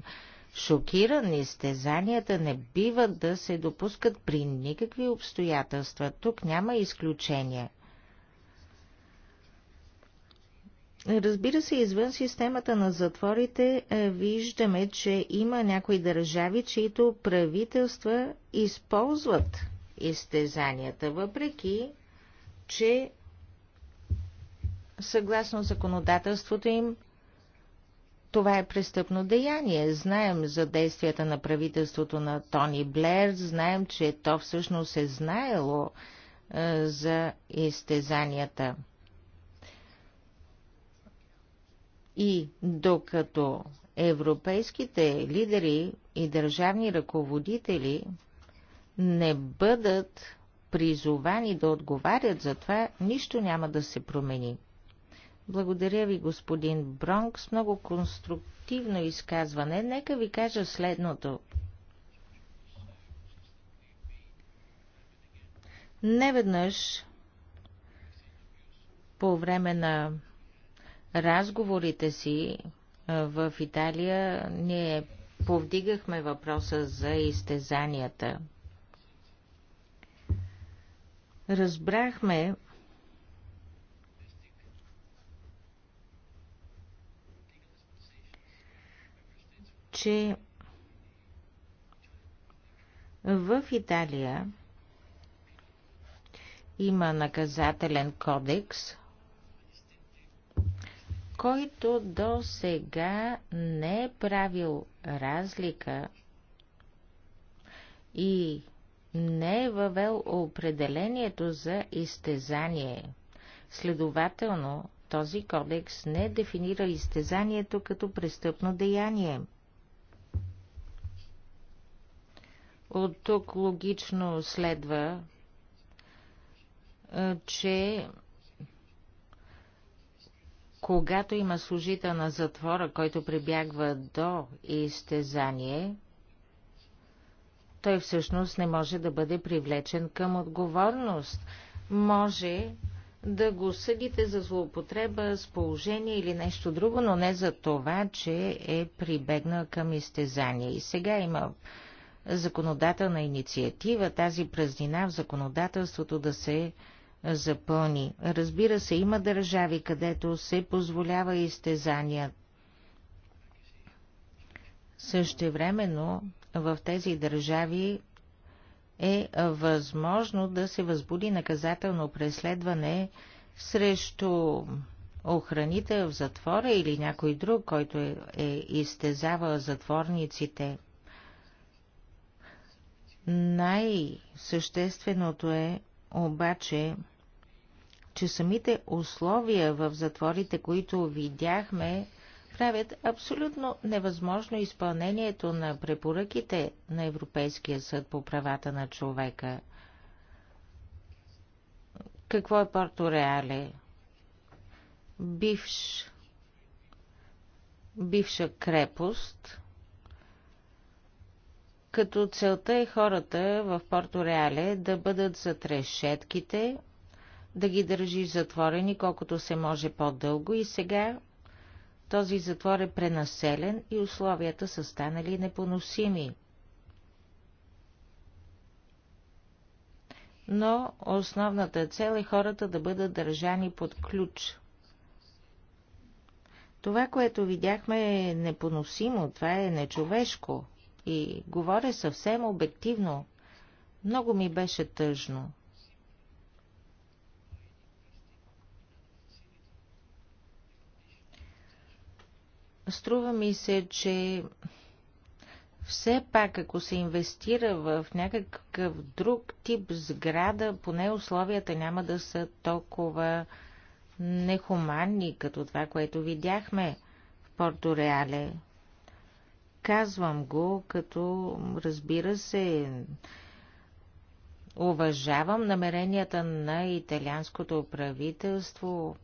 шокиран. Изтезанията не биват да се допускат при никакви обстоятелства. Тук няма изключение. Разбира се, извън системата на затворите е, виждаме, че има някои държави, чието правителства използват изтезанията, въпреки че съгласно законодателството им това е престъпно деяние. Знаем за действията на правителството на Тони Блер, знаем, че то всъщност е знаело е, за изтезанията. И докато европейските лидери и държавни ръководители не бъдат призовани да отговарят за това, нищо няма да се промени. Благодаря ви, господин Бронкс, много конструктивно изказване. Нека ви кажа следното. Неведнъж по време на разговорите си в Италия ние повдигахме въпроса за изтезанията – разбрахме, че в Италия има наказателен кодекс, който до сега не е правил разлика и не е въвел определението за изтезание. Следователно, този кодекс не дефинира изтезанието като престъпно деяние. От тук логично следва, че когато има служител на затвора, който прибягва до изтезание, той всъщност не може да бъде привлечен към отговорност. Може да го съдите за злоупотреба с положение или нещо друго, но не за това, че е прибегнал към изтезание. И сега има законодателна инициатива, тази празнина в законодателството да се запълни. Разбира се, има държави, където се позволява изтезанието. Същевременно в тези държави е възможно да се възбуди наказателно преследване срещу охранител в затвора или някой друг, който е, е изтезавал затворниците. Най-същественото е обаче, че самите условия в затворите, които видяхме, правят абсолютно невъзможно изпълнението на препоръките на Европейския съд по правата на човека. Какво е Порто Реале? Бивш, бивша крепост, като целта е хората в Порто Реале да бъдат за решетките, да ги държи затворени колкото се може по-дълго и сега този затвор е пренаселен и условията са станали непоносими. Но основната цел е хората да бъдат държани под ключ. Това, което видяхме е непоносимо, това е нечовешко и говоря съвсем обективно. Много ми беше тъжно. Струва ми се, че все пак, ако се инвестира в някакъв друг тип сграда, поне условията няма да са толкова нехуманни, като това, което видяхме в Порто Реале. Казвам го, като разбира се, уважавам намеренията на италианското правителство,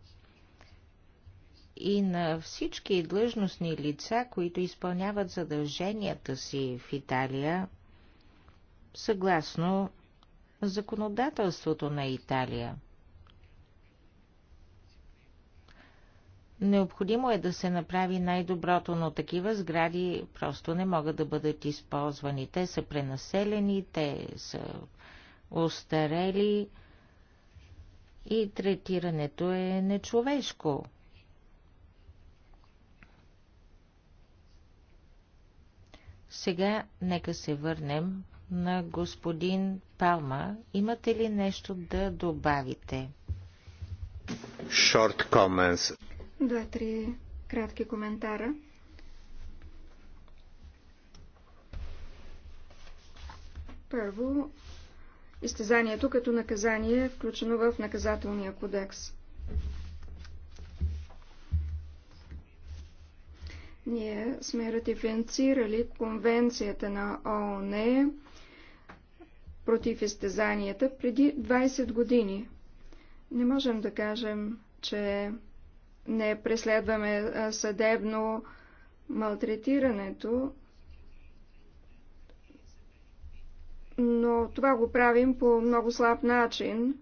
и на всички длъжностни лица, които изпълняват задълженията си в Италия, съгласно законодателството на Италия. Необходимо е да се направи най-доброто, но такива сгради просто не могат да бъдат използвани. Те са пренаселени, те са остарели и третирането е нечовешко. Сега нека се върнем на господин Палма. Имате ли нещо да добавите? Short comments. Два-три кратки коментара. Първо, изтезанието като наказание е включено в наказателния кодекс. Ние сме ратифицирали конвенцията на ООН против изтезанията преди 20 години. Не можем да кажем, че не преследваме съдебно малтретирането, но това го правим по много слаб начин,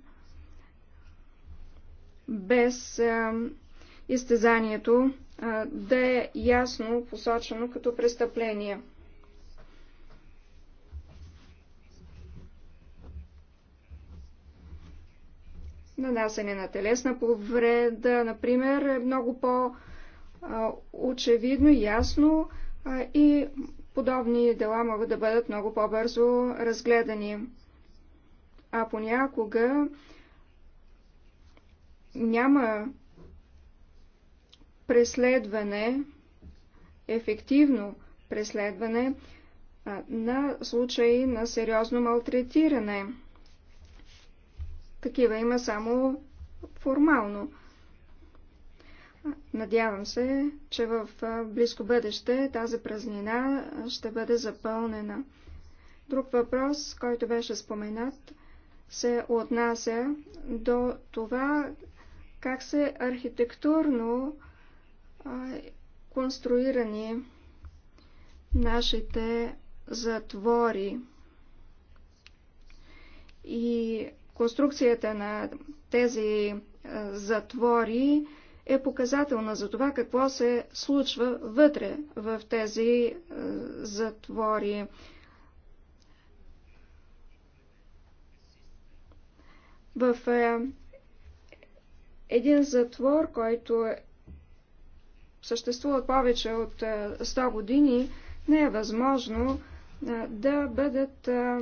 без изтезанието да е ясно посочено като престъпление. Нанасене на телесна повреда, например, е много по-очевидно, ясно и подобни дела могат да бъдат много по-бързо разгледани. А понякога няма преследване, ефективно преследване на случаи на сериозно малтретиране. Такива има само формално. Надявам се, че в близко бъдеще тази празнина ще бъде запълнена. Друг въпрос, който беше споменат, се отнася до това как се архитектурно конструирани нашите затвори и конструкцията на тези затвори е показателна за това какво се случва вътре в тези затвори. В един затвор, който съществуват повече от 100 е, години, не е възможно е, да бъдат е,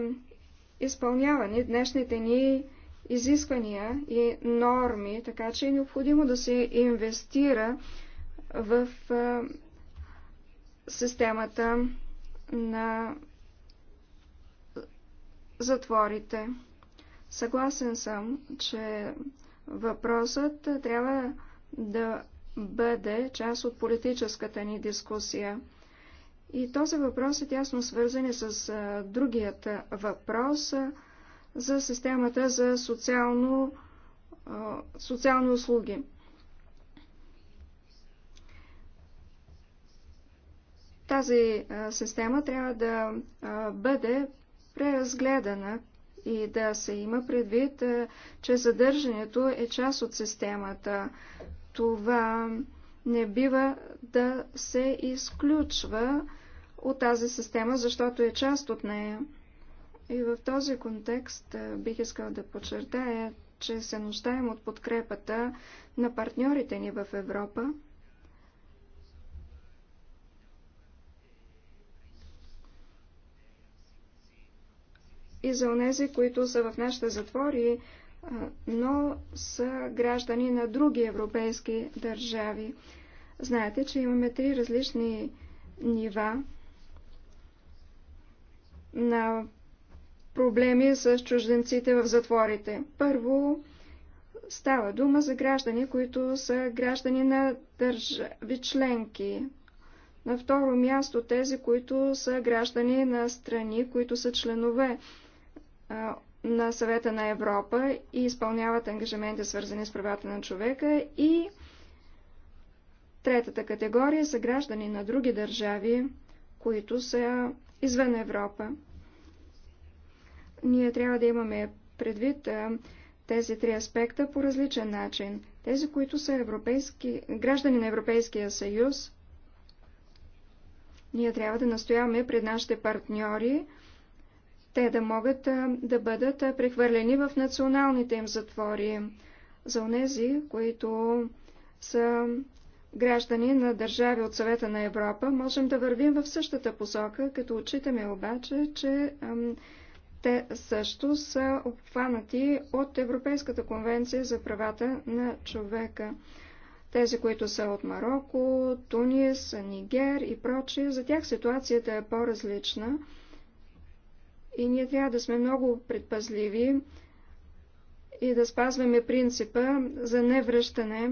изпълнявани днешните ни изисквания и норми, така че е необходимо да се инвестира в системата на затворите. Съгласен съм, че въпросът трябва да бъде част от политическата ни дискусия. И този въпрос е тясно свързан с другият въпрос за системата за социално, социални услуги. Тази система трябва да бъде преразгледана и да се има предвид, че задържането е част от системата това не бива да се изключва от тази система, защото е част от нея. И в този контекст бих искал да подчертая, че се нуждаем от подкрепата на партньорите ни в Европа. И за онези, които са в нашите затвори, но са граждани на други европейски държави. Знаете, че имаме три различни нива на проблеми с чужденците в затворите. Първо, става дума за граждани, които са граждани на държави членки. На второ място тези, които са граждани на страни, които са членове на съвета на Европа и изпълняват ангажименти свързани с правата на човека и третата категория са граждани на други държави, които са извън Европа. Ние трябва да имаме предвид тези три аспекта по различен начин. Тези, които са европейски, граждани на Европейския съюз, ние трябва да настояваме пред нашите партньори те да могат да бъдат прехвърлени в националните им затвори. За онези, които са граждани на държави от Съвета на Европа, можем да вървим в същата посока, като отчитаме обаче, че ам, те също са обхванати от Европейската конвенция за правата на човека. Тези, които са от Марокко, Тунис, Нигер и прочие, за тях ситуацията е по-различна и ние трябва да сме много предпазливи и да спазваме принципа за невръщане,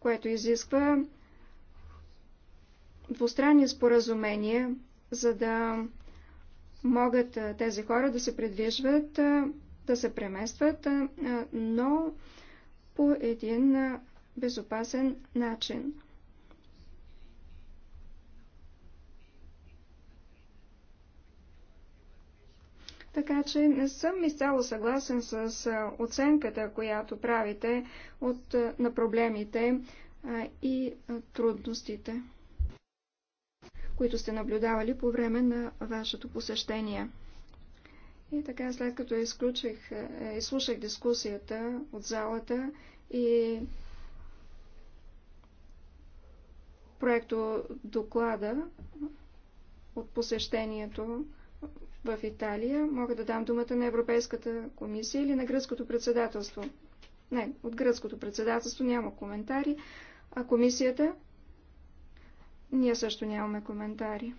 което изисква двустранни споразумения, за да могат тези хора да се придвижват, да се преместват, но по един безопасен начин. Така че не съм изцяло съгласен с оценката, която правите от, на проблемите и трудностите, които сте наблюдавали по време на вашето посещение. И така, след като изключих, е, изслушах дискусията от залата и проекто доклада от посещението, в Италия. Мога да дам думата на Европейската комисия или на гръцкото председателство. Не, от гръцкото председателство няма коментари, а комисията ние също нямаме коментари.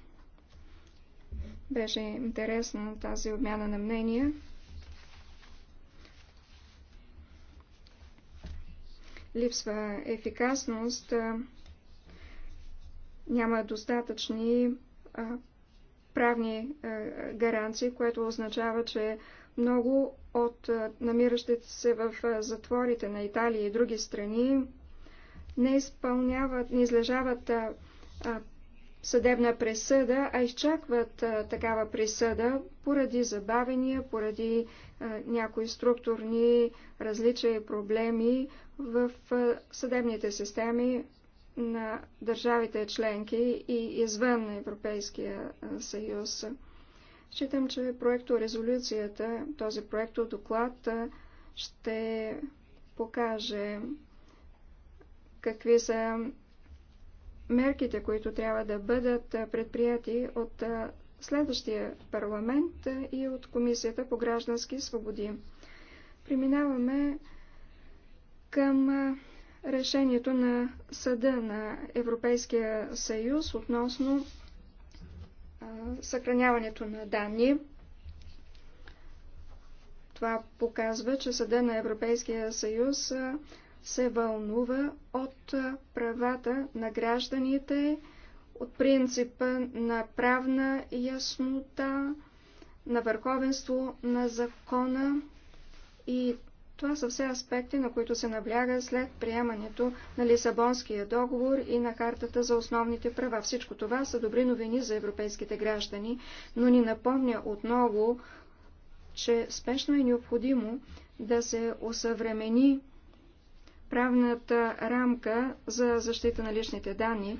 Беше интересна тази обмяна на мнения. Липсва ефикасност, няма достатъчни правни е, гаранции, което означава, че много от е, намиращите се в е, затворите на Италия и други страни не изпълняват, не излежават съдебна присъда, а изчакват а, такава присъда поради забавения, поради а, някои структурни различия и проблеми в а, съдебните системи на държавите членки и извън Европейския съюз. Считам, че проекто резолюцията, този проекто доклад ще покаже какви са мерките, които трябва да бъдат предприяти от следващия парламент и от Комисията по граждански свободи. Преминаваме към решението на Съда на Европейския съюз относно съхраняването на данни. Това показва, че Съда на Европейския съюз се вълнува от правата на гражданите, от принципа на правна яснота, на върховенство на закона и това са все аспекти, на които се набляга след приемането на Лисабонския договор и на Хартата за основните права. Всичко това са добри новини за европейските граждани, но ни напомня отново, че спешно е необходимо да се осъвремени правната рамка за защита на личните данни,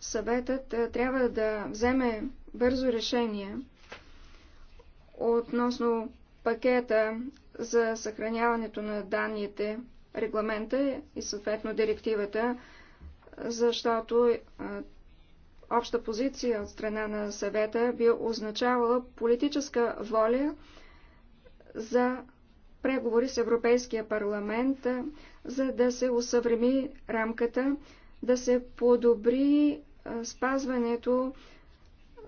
съветът е, трябва да вземе бързо решение относно пакета за съхраняването на данните, регламента и съответно директивата, защото е, обща позиция от страна на съвета би означавала политическа воля за преговори с Европейския парламент, е, за да се усъвреми рамката, да се подобри е, спазването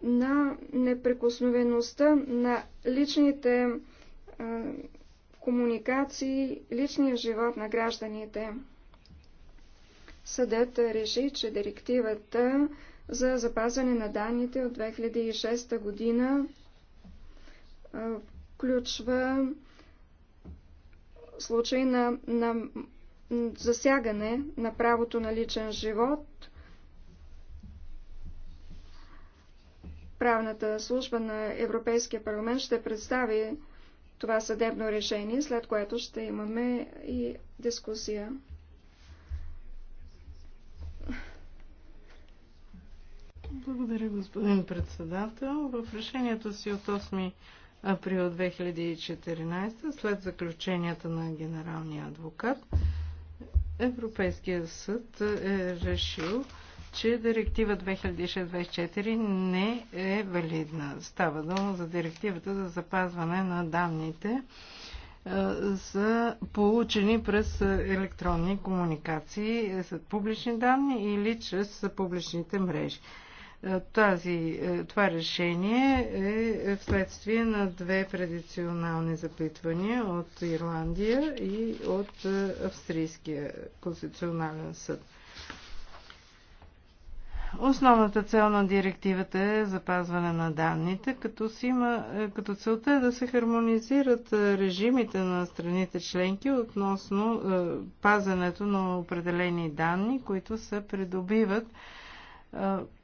на неприкосновеността на личните а, комуникации, личния живот на гражданите. Съдът реши, че директивата за запазване на данните от 2006 година а, включва случай на, на засягане на правото на личен живот правната служба на Европейския парламент ще представи това съдебно решение, след което ще имаме и дискусия. Благодаря, господин председател. В решението си от 8 април 2014, след заключенията на генералния адвокат, Европейския съд е решил, че директива 2624 не е валидна. Става дума за директивата за запазване на данните са е, получени през електронни комуникации е, с публични данни или чрез публичните мрежи. Е, тази, това решение е вследствие на две традиционални запитвания от Ирландия и от Австрийския конституционален съд. Основната цел на директивата е запазване на данните, като, си има, е, като целта е да се хармонизират е, режимите на страните членки относно е, пазането на определени данни, които се придобиват е,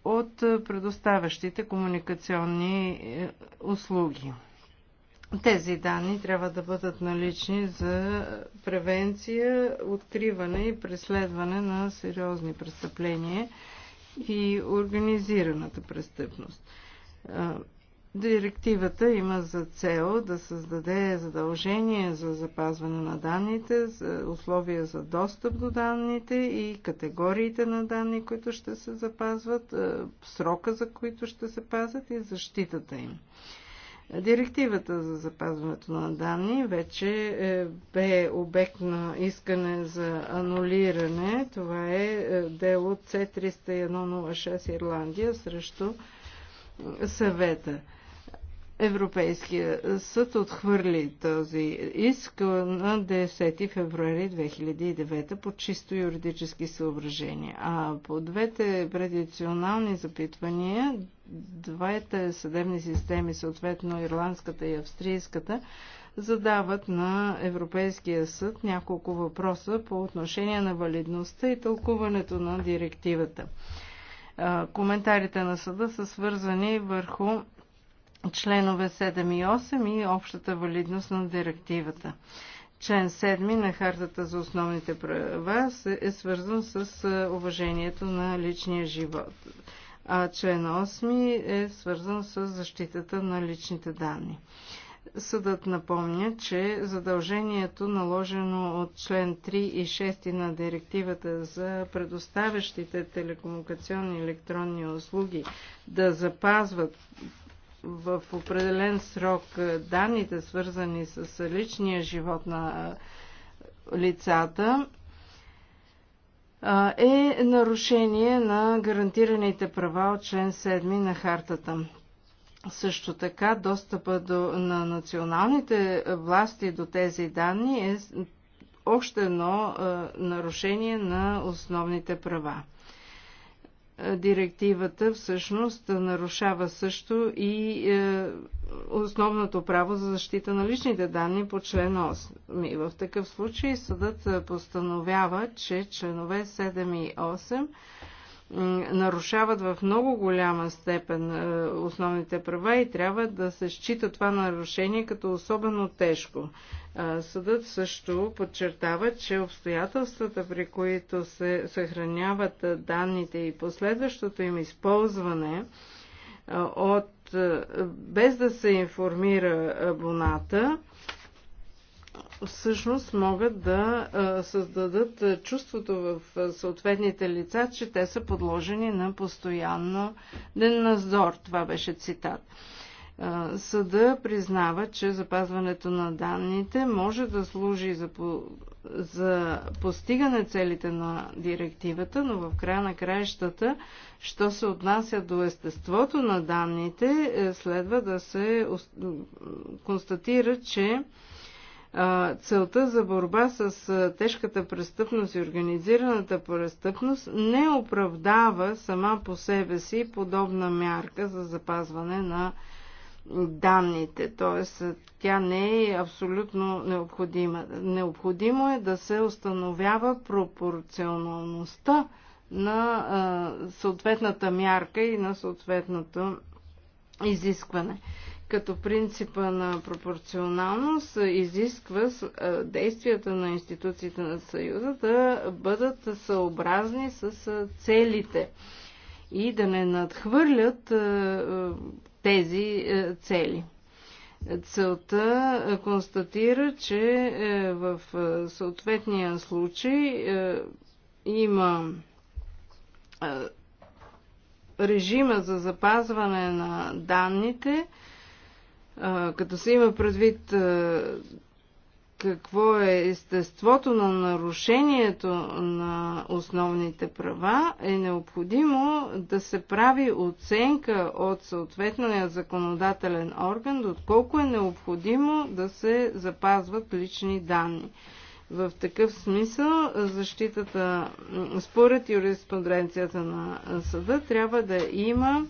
от предоставящите комуникационни е, услуги. Тези данни трябва да бъдат налични за превенция, откриване и преследване на сериозни престъпления и организираната престъпност. Директивата има за цел да създаде задължение за запазване на данните, за условия за достъп до данните и категориите на данни, които ще се запазват, срока за които ще се пазят и защитата им. Директивата за запазването на данни вече е, бе обект на искане за анулиране. Това е, е дело C30106 Ирландия срещу е, съвета. Европейския съд отхвърли този иск на 10 февруари 2009 по чисто юридически съображения. А по двете предиционални запитвания, двете съдебни системи, съответно ирландската и австрийската, задават на Европейския съд няколко въпроса по отношение на валидността и тълкуването на директивата. Коментарите на съда са свързани върху членове 7 и 8 и общата валидност на директивата. Член 7 на Хартата за основните права е свързан с уважението на личния живот, а член 8 е свързан с защитата на личните данни. Съдът напомня, че задължението, наложено от член 3 и 6 на директивата за предоставящите телекомуникационни електронни услуги да запазват в определен срок е, данните, свързани с личния живот на е, лицата, е нарушение на гарантираните права от член 7 на хартата. Също така, достъпа до, на националните власти до тези данни е още едно е, нарушение на основните права директивата всъщност нарушава също и е, основното право за защита на личните данни по член 8. В такъв случай съдът постановява, че членове 7 и 8 нарушават в много голяма степен е, основните права и трябва да се счита това нарушение като особено тежко. Съдът също подчертава, че обстоятелствата, при които се съхраняват данните и последващото им използване е, от е, без да се информира абоната, всъщност могат да създадат чувството в съответните лица, че те са подложени на постоянно ден надзор. Това беше цитат. Съда признава, че запазването на данните може да служи за, по... за постигане целите на директивата, но в края на краищата, що се отнася до естеството на данните, е, следва да се констатира, че целта за борба с тежката престъпност и организираната престъпност не оправдава сама по себе си подобна мярка за запазване на данните. Т.е. тя не е абсолютно необходима. Необходимо е да се установява пропорционалността на съответната мярка и на съответното изискване като принципа на пропорционалност изисква действията на институциите на Съюза да бъдат съобразни с целите и да не надхвърлят тези цели. Целта констатира, че в съответния случай има режима за запазване на данните – като се има предвид какво е естеството на нарушението на основните права, е необходимо да се прави оценка от съответния законодателен орган, доколко е необходимо да се запазват лични данни. В такъв смисъл защитата, според юриспруденцията на съда, трябва да има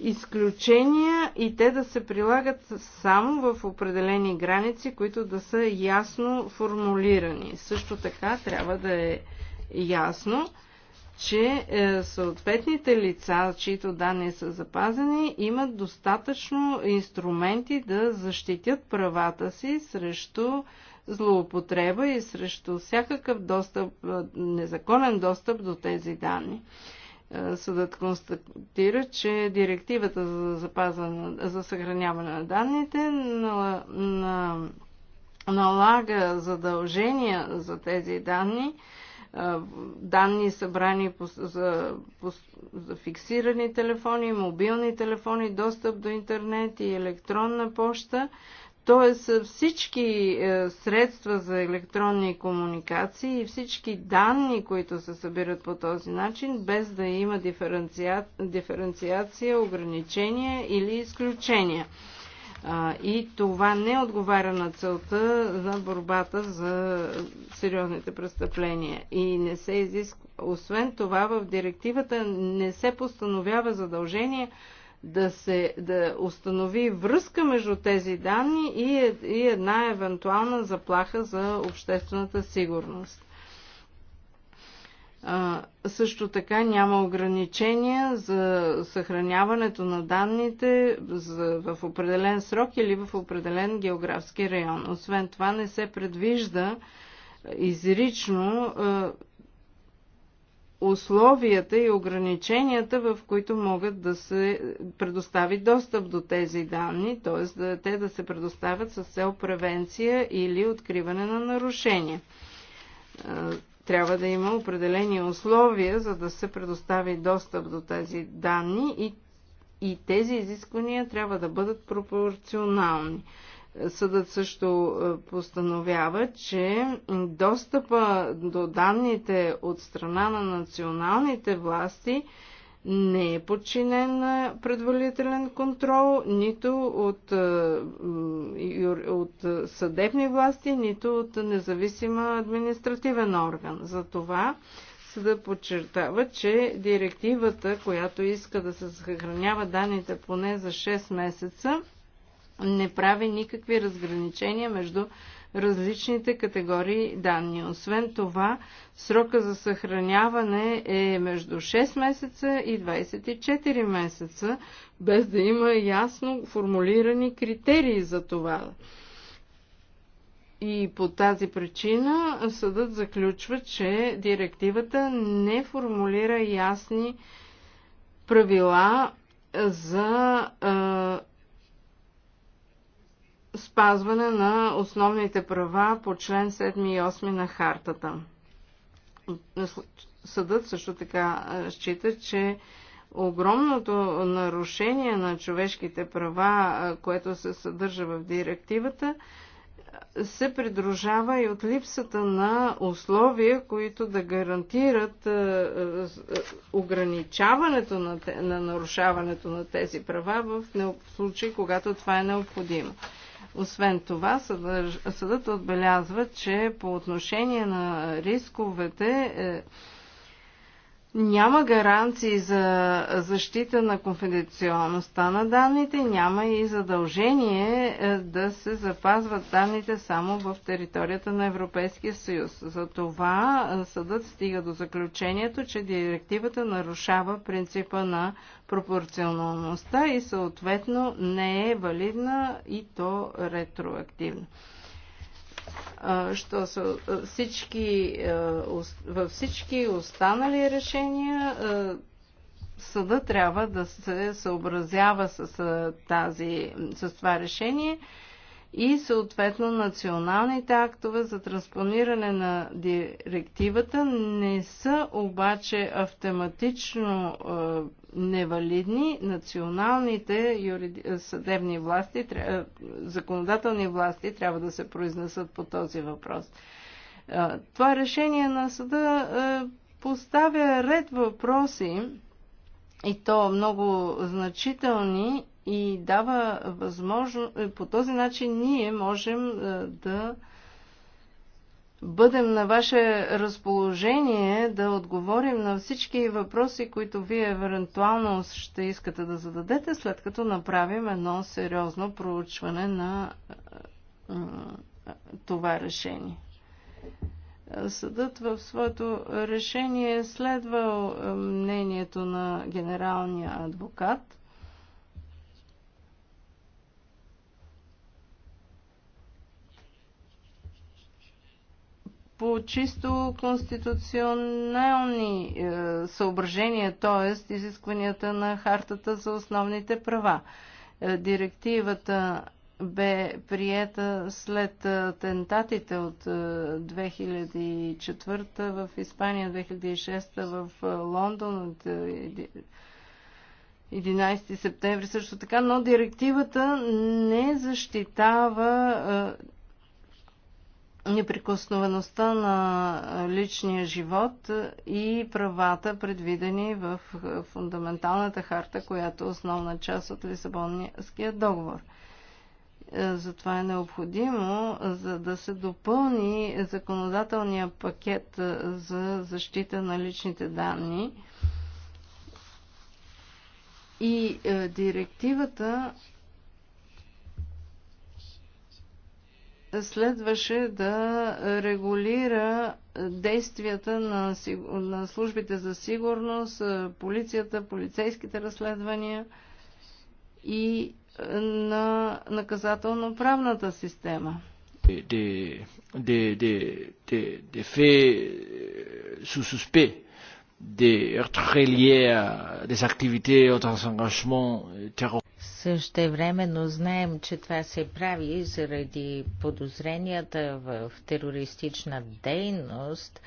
изключения и те да се прилагат само в определени граници, които да са ясно формулирани. Също така трябва да е ясно, че е, съответните лица, чието данни са запазени, имат достатъчно инструменти да защитят правата си срещу злоупотреба и срещу всякакъв достъп, е, незаконен достъп до тези данни съдът констатира, че директивата за, запазване, за съхраняване на данните на, на, налага задължения за тези данни, данни събрани по, за, по, за фиксирани телефони, мобилни телефони, достъп до интернет и електронна поща, Тоест е, всички е, средства за електронни комуникации и всички данни, които се събират по този начин, без да има диференция, диференциация, ограничения или изключения. И това не отговаря на целта за борбата за сериозните престъпления. И не се изисква. Освен това, в директивата не се постановява задължение да се да установи връзка между тези данни и, и една евентуална заплаха за обществената сигурност. А, също така няма ограничения за съхраняването на данните за, в определен срок или в определен географски район. Освен това не се предвижда изрично условията и ограниченията, в които могат да се предостави достъп до тези данни, т.е. Да, те да се предоставят с цел превенция или откриване на нарушения. Трябва да има определени условия, за да се предостави достъп до тези данни и, и тези изисквания трябва да бъдат пропорционални. Съдът също е, постановява, че достъпа до данните от страна на националните власти не е подчинен на предварителен контрол нито от, е, от съдебни власти, нито от независима административен орган. Затова съда подчертава, че директивата, която иска да се съхранява данните поне за 6 месеца, не прави никакви разграничения между различните категории данни. Освен това, срока за съхраняване е между 6 месеца и 24 месеца, без да има ясно формулирани критерии за това. И по тази причина съдът заключва, че директивата не формулира ясни правила за спазване на основните права по член 7 и 8 на хартата. Съдът също така счита, че огромното нарушение на човешките права, което се съдържа в директивата, се придружава и от липсата на условия, които да гарантират ограничаването на, нарушаването на тези права в случай, когато това е необходимо. Освен това, съдът отбелязва, че по отношение на рисковете е, няма гаранции за защита на конфиденциалността на данните, няма и задължение е, да се запазват данните само в територията на Европейския съюз. Затова е, съдът стига до заключението, че директивата нарушава принципа на пропорционалността и съответно не е валидна и то ретроактивна що са всички, във всички останали решения съда трябва да се съобразява с, тази, с това решение и съответно националните актове за транспониране на директивата не са обаче автоматично невалидни. Националните юриди... съдебни власти, законодателни власти трябва да се произнесат по този въпрос. това решение на съда поставя ред въпроси и то много значителни и дава възможност, е, по този начин ние можем е, да бъдем на ваше разположение, да отговорим на всички въпроси, които вие евентуално ще искате да зададете, след като направим едно сериозно проучване на е, това решение. Съдът в своето решение следва мнението на генералния адвокат – по чисто конституционални е, съображения, т.е. изискванията на хартата за основните права. Е, директивата бе приета след е, атентатите от 2004 е, в Испания, 2006 в е, Лондон, от 11 септември също така, но директивата не защитава неприкосновеността на личния живот и правата, предвидени в фундаменталната харта, която е основна част от Лисабонския договор. Е, затова е необходимо, за да се допълни законодателния пакет е, за защита на личните данни и е, директивата следваше да регулира действията на, на службите за сигурност, полицията, полицейските разследвания и на наказателно-правната система. Des, des, des, des, des faits sous suspect des reliés à des activités ou des engagements terroristes Същевременно знаем, че това се прави заради подозренията в терористична дейност.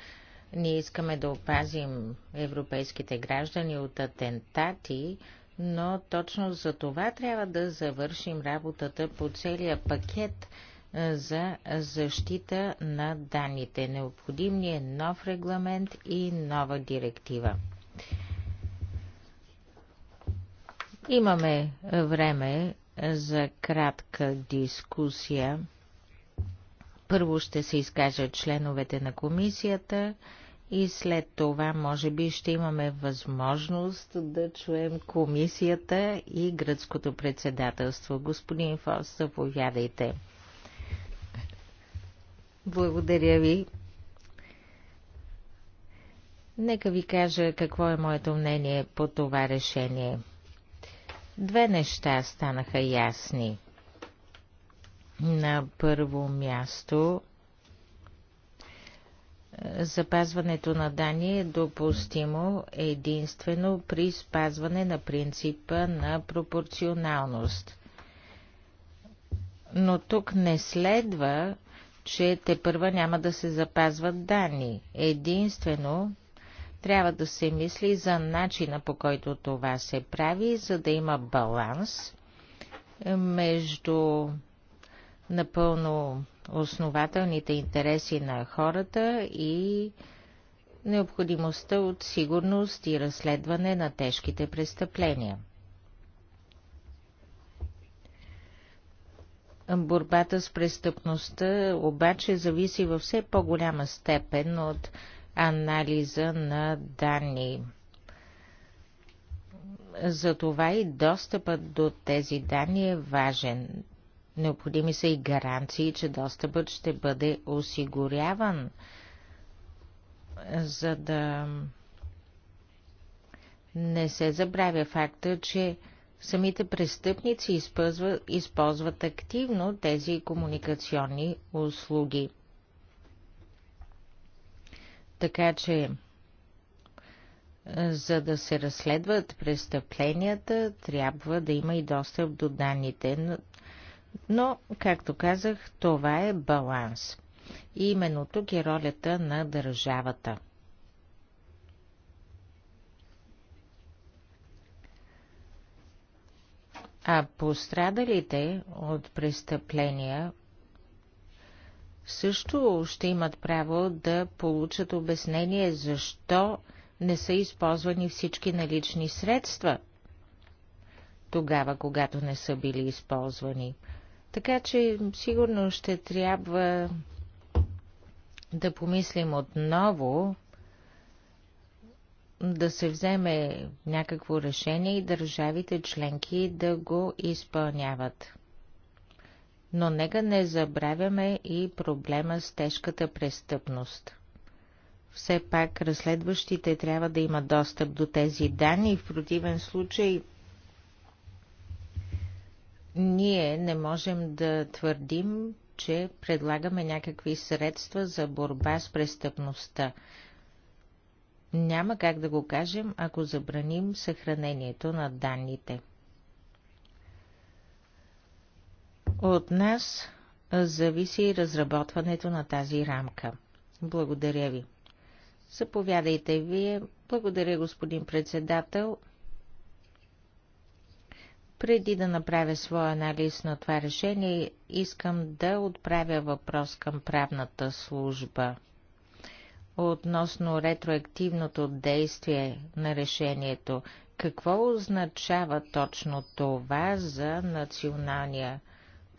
Ние искаме да опазим европейските граждани от атентати, но точно за това трябва да завършим работата по целия пакет за защита на данните. Необходим ни е нов регламент и нова директива. Имаме време за кратка дискусия. Първо ще се изкажат членовете на комисията и след това може би ще имаме възможност да чуем комисията и гръцкото председателство. Господин Фос, заповядайте. Благодаря ви. Нека ви кажа какво е моето мнение по това решение – Две неща станаха ясни. На първо място запазването на данни е допустимо единствено при спазване на принципа на пропорционалност. Но тук не следва, че те първа няма да се запазват данни. Единствено трябва да се мисли за начина по който това се прави, за да има баланс между напълно основателните интереси на хората и необходимостта от сигурност и разследване на тежките престъпления. Борбата с престъпността обаче зависи във все по-голяма степен от анализа на данни. Затова и достъпът до тези данни е важен. Необходими са и гаранции, че достъпът ще бъде осигуряван, за да не се забравя факта, че самите престъпници използват активно тези комуникационни услуги. Така че, е, за да се разследват престъпленията, трябва да има и достъп до данните. Но, както казах, това е баланс. И именно тук е ролята на държавата. А пострадалите от престъпления също ще имат право да получат обяснение защо не са използвани всички налични средства тогава, когато не са били използвани. Така че сигурно ще трябва да помислим отново да се вземе някакво решение и държавите членки да го изпълняват. Но нека не забравяме и проблема с тежката престъпност. Все пак разследващите трябва да имат достъп до тези данни, в противен случай ние не можем да твърдим, че предлагаме някакви средства за борба с престъпността. Няма как да го кажем, ако забраним съхранението на данните. От нас зависи разработването на тази рамка. Благодаря ви. Заповядайте вие. Благодаря, господин председател. Преди да направя своя анализ на това решение, искам да отправя въпрос към правната служба относно ретроактивното действие на решението. Какво означава точно това за националния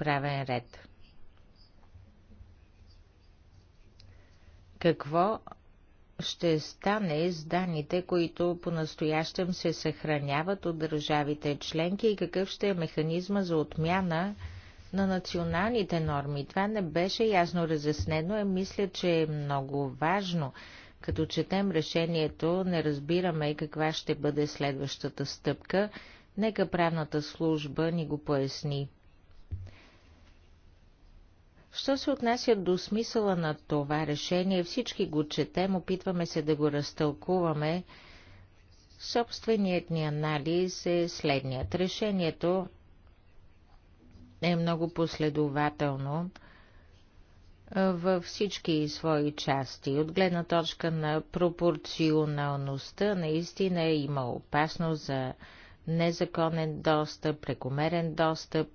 правен ред. Какво ще стане с данните, които по-настоящем се съхраняват от държавите членки и какъв ще е механизма за отмяна на националните норми. Това не беше ясно разяснено и мисля, че е много важно. Като четем решението, не разбираме каква ще бъде следващата стъпка. Нека правната служба ни го поясни. Що се отнася до смисъла на това решение, всички го четем, опитваме се да го разтълкуваме. Собственият ни анализ е следният. Решението е много последователно във всички свои части. От гледна точка на пропорционалността, наистина е има опасност за незаконен достъп, прекомерен достъп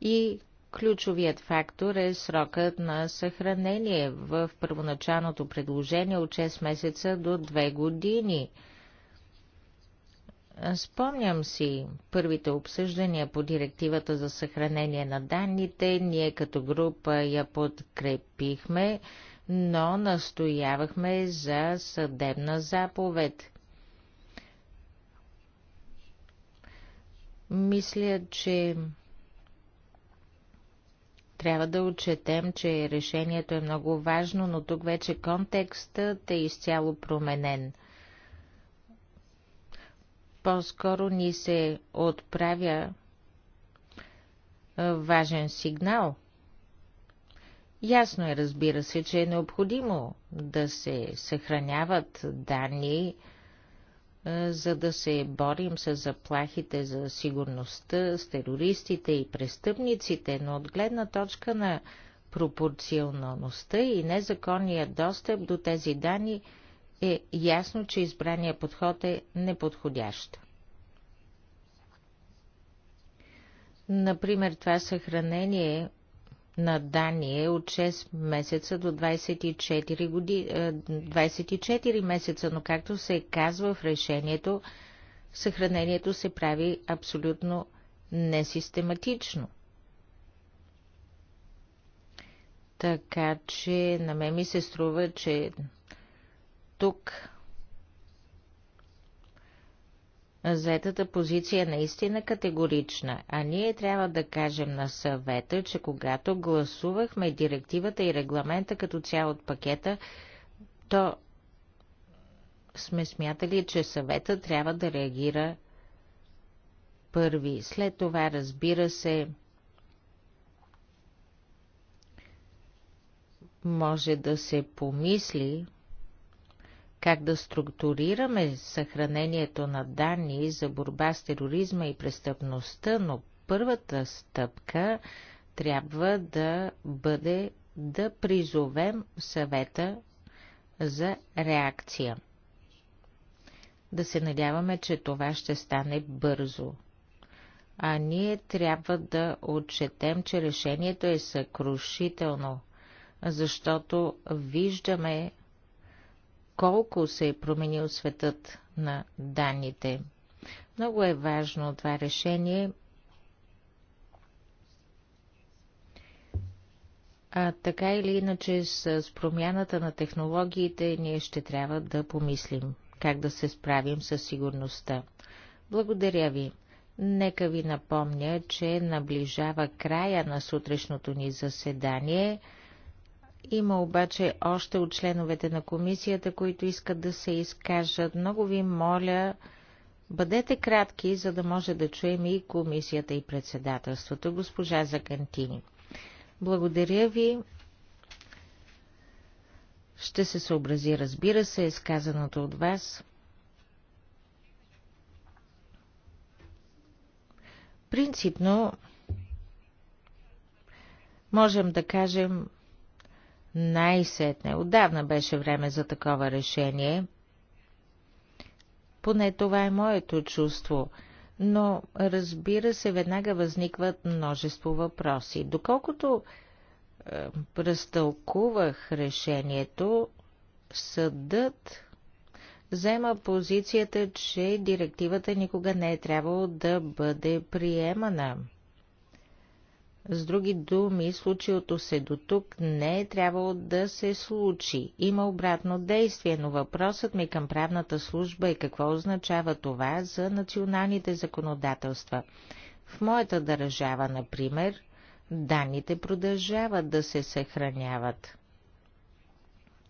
и Ключовият фактор е срокът на съхранение в първоначалното предложение от 6 месеца до 2 години. Спомням си първите обсъждания по директивата за съхранение на данните. Ние като група я подкрепихме, но настоявахме за съдебна заповед. Мисля, че трябва да отчетем, че решението е много важно, но тук вече контекстът е изцяло променен. По-скоро ни се отправя важен сигнал. Ясно е, разбира се, че е необходимо да се съхраняват данни, за да се борим с заплахите за сигурността, с терористите и престъпниците, но от гледна точка на пропорционалността и незаконния достъп до тези данни е ясно, че избрания подход е неподходящ. Например, това съхранение на Дания е от 6 месеца до 24, годи... 24 е, месеца, но както се казва в решението, съхранението се прави абсолютно несистематично. Така че на мен ми се струва, че тук Заетата позиция е наистина категорична, а ние трябва да кажем на съвета, че когато гласувахме директивата и регламента като цяло от пакета, то сме смятали, че съвета трябва да реагира първи. След това, разбира се, може да се помисли как да структурираме съхранението на данни за борба с тероризма и престъпността, но първата стъпка трябва да бъде да призовем съвета за реакция. Да се надяваме, че това ще стане бързо. А ние трябва да отчетем, че решението е съкрушително, защото виждаме колко се е променил светът на данните. Много е важно това решение. А така или иначе с промяната на технологиите ние ще трябва да помислим как да се справим със сигурността. Благодаря ви. Нека ви напомня, че наближава края на сутрешното ни заседание – има обаче още от членовете на комисията, които искат да се изкажат. Много ви моля, бъдете кратки, за да може да чуем и комисията и председателството. Госпожа Закантини. Благодаря ви. Ще се съобрази, разбира се, изказаното от вас. Принципно можем да кажем, най-сетне. Отдавна беше време за такова решение. Поне това е моето чувство. Но, разбира се, веднага възникват множество въпроси. Доколкото е, разтълкувах решението, съдът взема позицията, че директивата никога не е трябвало да бъде приемана. С други думи, случилото се до тук не е трябвало да се случи. Има обратно действие, но въпросът ми към правната служба е какво означава това за националните законодателства. В моята държава, например, данните продължават да се съхраняват.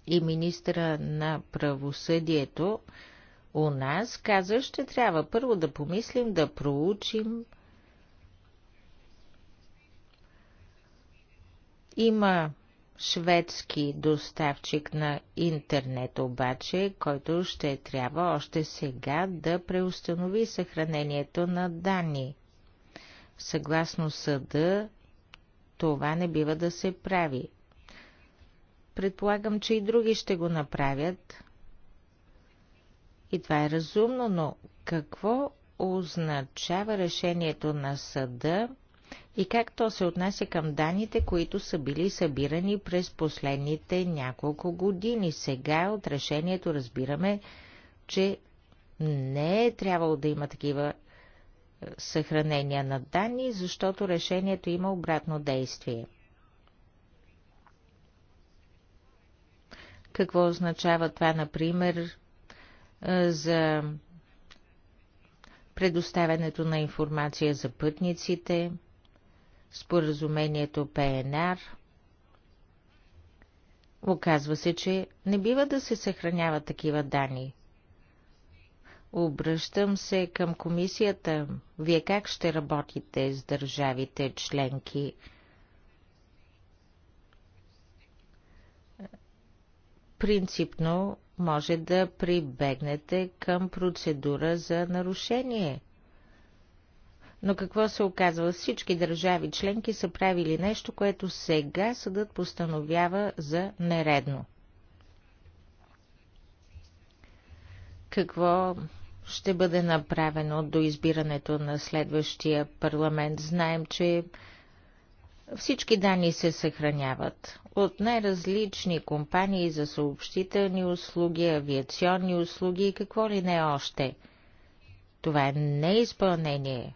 И министра на правосъдието у нас каза, ще трябва първо да помислим да проучим Има шведски доставчик на интернет обаче, който ще трябва още сега да преустанови съхранението на данни. Съгласно съда, това не бива да се прави. Предполагам, че и други ще го направят. И това е разумно, но какво означава решението на съда – и как то се отнася към данните, които са били събирани през последните няколко години. Сега е от решението разбираме, че не е трябвало да има такива е, съхранения на данни, защото решението има обратно действие. Какво означава това, например, е, за предоставянето на информация за пътниците – споразумението ПНР. Оказва се, че не бива да се съхраняват такива данни. Обръщам се към комисията. Вие как ще работите с държавите членки? Принципно може да прибегнете към процедура за нарушение – но какво се оказва? Всички държави членки са правили нещо, което сега съдът постановява за нередно. Какво ще бъде направено до избирането на следващия парламент? Знаем, че всички данни се съхраняват от най-различни компании за съобщителни услуги, авиационни услуги и какво ли не още. Това е неизпълнение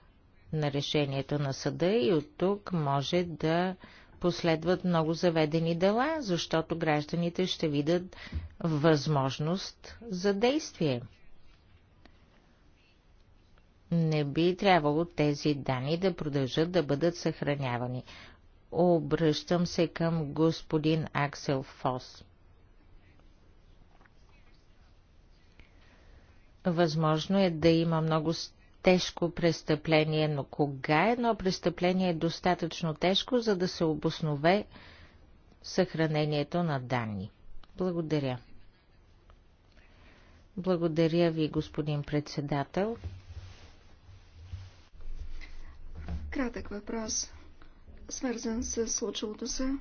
на решението на съда и от тук може да последват много заведени дела, защото гражданите ще видят възможност за действие. Не би трябвало тези данни да продължат да бъдат съхранявани. Обръщам се към господин Аксел Фос. Възможно е да има много тежко престъпление, но кога едно престъпление е достатъчно тежко, за да се обоснове съхранението на данни? Благодаря. Благодаря ви, господин председател. Кратък въпрос, свързан с случилото се.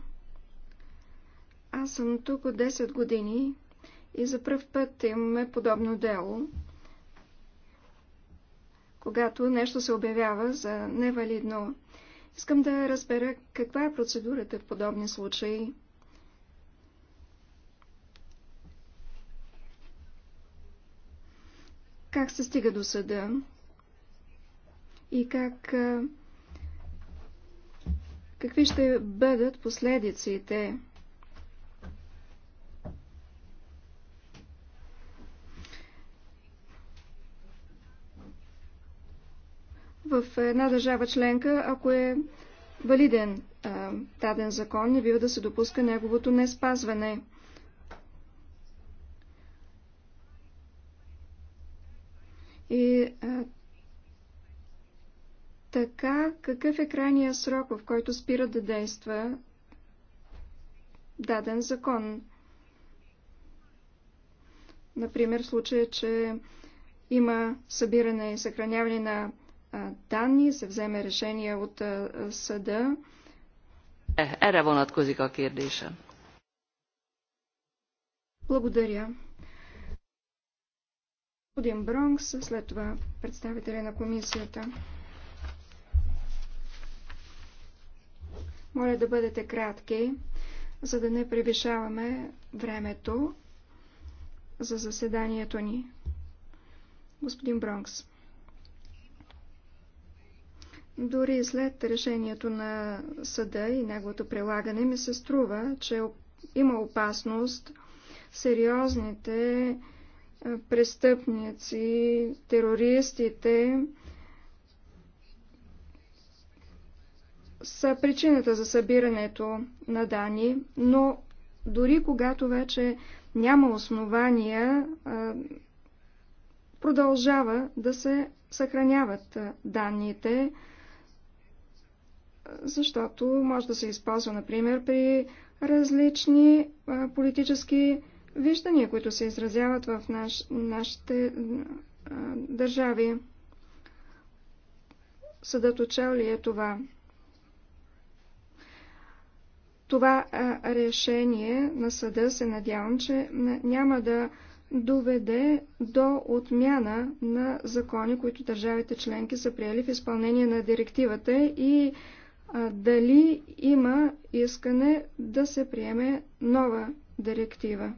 Аз съм тук от 10 години и за първ път имаме подобно дело – когато нещо се обявява за невалидно. Искам да разбера каква е процедурата в подобни случаи. Как се стига до съда и как, какви ще бъдат последиците в една държава членка, ако е валиден а, даден закон, не бива да се допуска неговото не спазване. И а, така, какъв е крайният срок, в който спира да действа даден закон? Например, в случая, че има събиране и съхраняване на данни, се вземе решение от съда. Ере vonatkozik а kérdésem. Благодаря. Господин Бронкс, след това представителя на комисията. Моля да бъдете кратки, за да не превишаваме времето за заседанието ни. Господин Бронкс. Дори след решението на съда и неговото прилагане ми се струва, че има опасност сериозните престъпници, терористите са причината за събирането на данни, но дори когато вече няма основания, продължава да се съхраняват данните, защото може да се използва, например, при различни политически виждания, които се изразяват в наш, нашите а, държави. Съдът отчел ли е това? Това а, решение на съда се надявам, че няма да доведе до отмяна на закони, които държавите членки са приели в изпълнение на директивата и дали има искане да се приеме нова директива.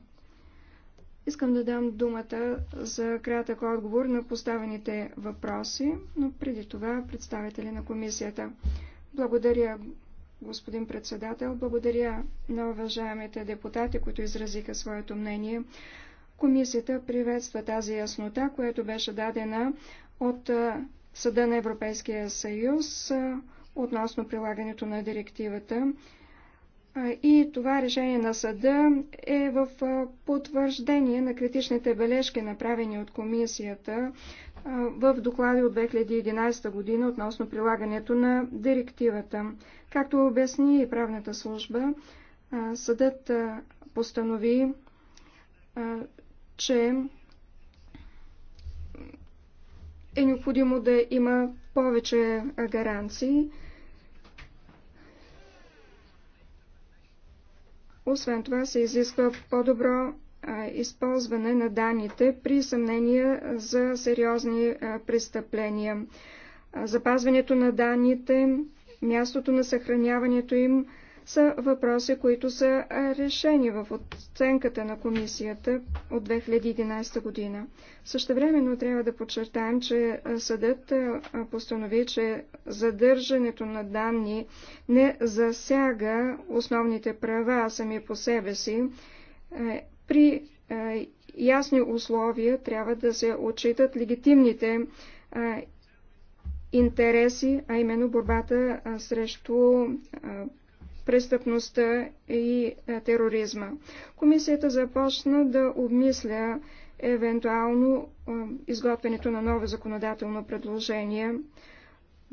Искам да дам думата за кратък отговор на поставените въпроси, но преди това представители на комисията. Благодаря, господин председател, благодаря на уважаемите депутати, които изразиха своето мнение. Комисията приветства тази яснота, която беше дадена от Съда на Европейския съюз относно прилагането на директивата. И това решение на съда е в потвърждение на критичните бележки, направени от комисията в доклади от 2011 година относно прилагането на директивата. Както обясни и правната служба, съдът постанови, че е необходимо да има повече гаранции. Освен това се изисква по-добро използване на данните при съмнение за сериозни престъпления. Запазването на данните, мястото на съхраняването им, са въпроси, които са решени в оценката на комисията от 2011 година. Същевременно трябва да подчертаем, че съдът постанови, че задържането на данни не засяга основните права сами по себе си. Е, при ясни условия трябва да се отчитат легитимните интереси, а именно борбата срещу престъпността и е, тероризма. Комисията започна да обмисля евентуално е, изготвянето на ново законодателно предложение.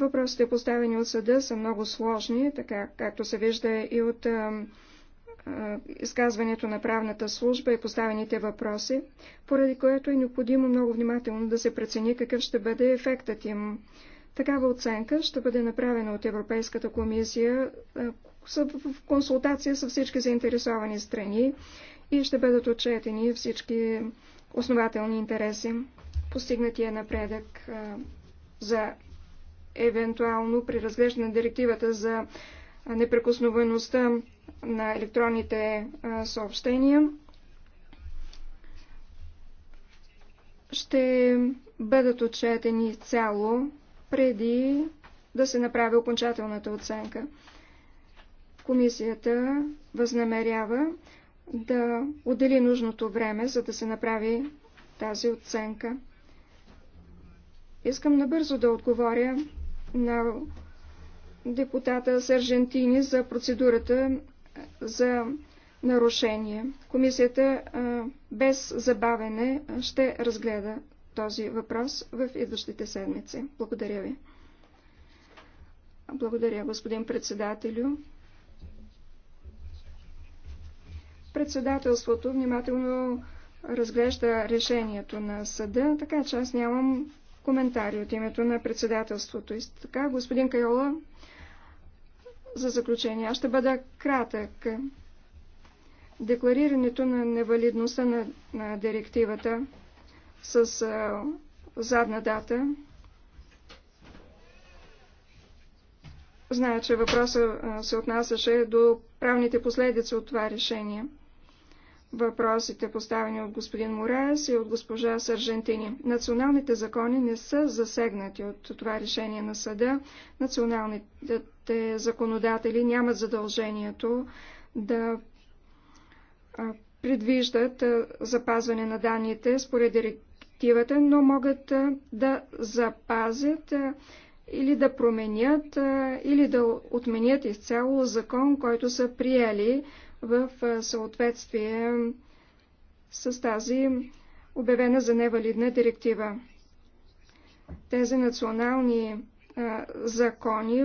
Въпросите, поставени от съда, са много сложни, така както се вижда и от е, изказването на правната служба и поставените въпроси, поради което е необходимо много внимателно да се прецени какъв ще бъде ефектът им. Такава оценка ще бъде направена от Европейската комисия, са в консултация с всички заинтересовани страни и ще бъдат отчетени всички основателни интереси. Постигнатия напредък за евентуално при разглеждане на директивата за непрекосновеността на електронните съобщения ще бъдат отчетени цяло преди да се направи окончателната оценка. Комисията възнамерява да отдели нужното време, за да се направи тази оценка. Искам набързо да отговоря на депутата Сержентини за процедурата за нарушение. Комисията без забавене ще разгледа този въпрос в идващите седмици. Благодаря ви. Благодаря, господин председателю. Председателството внимателно разглежда решението на съда, така че аз нямам коментари от името на председателството. И така, господин Кайола, за заключение, аз ще бъда кратък. Декларирането на невалидността на, на директивата с а, задна дата. Зная, че въпросът се отнасяше до правните последици от това решение – въпросите, поставени от господин Мораес и от госпожа Сържентини. Националните закони не са засегнати от това решение на съда. Националните законодатели нямат задължението да предвиждат запазване на данните според директивата, но могат да запазят или да променят, или да отменят изцяло закон, който са приели в съответствие с тази обявена за невалидна директива. Тези национални закони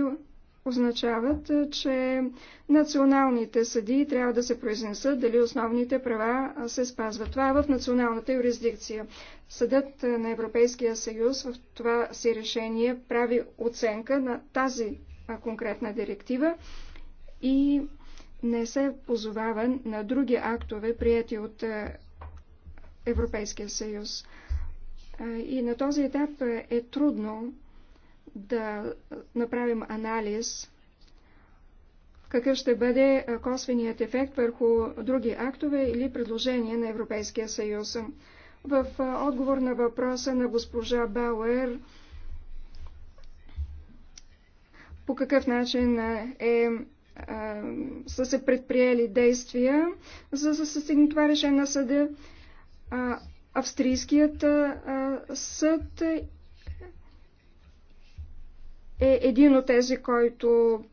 означават, че националните съдии трябва да се произнесат дали основните права се спазват. Това е в националната юрисдикция. Съдът на Европейския съюз в това си решение прави оценка на тази конкретна директива и не се позовава на други актове, прияти от е, Европейския съюз. Е, и на този етап е трудно да направим анализ какъв ще бъде е, косвеният ефект върху други актове или предложения на Европейския съюз. В отговор на въпроса на госпожа Бауер, по какъв начин е са се предприели действия, за да се стигне това решение на съда. австрийският съд е един от тези, който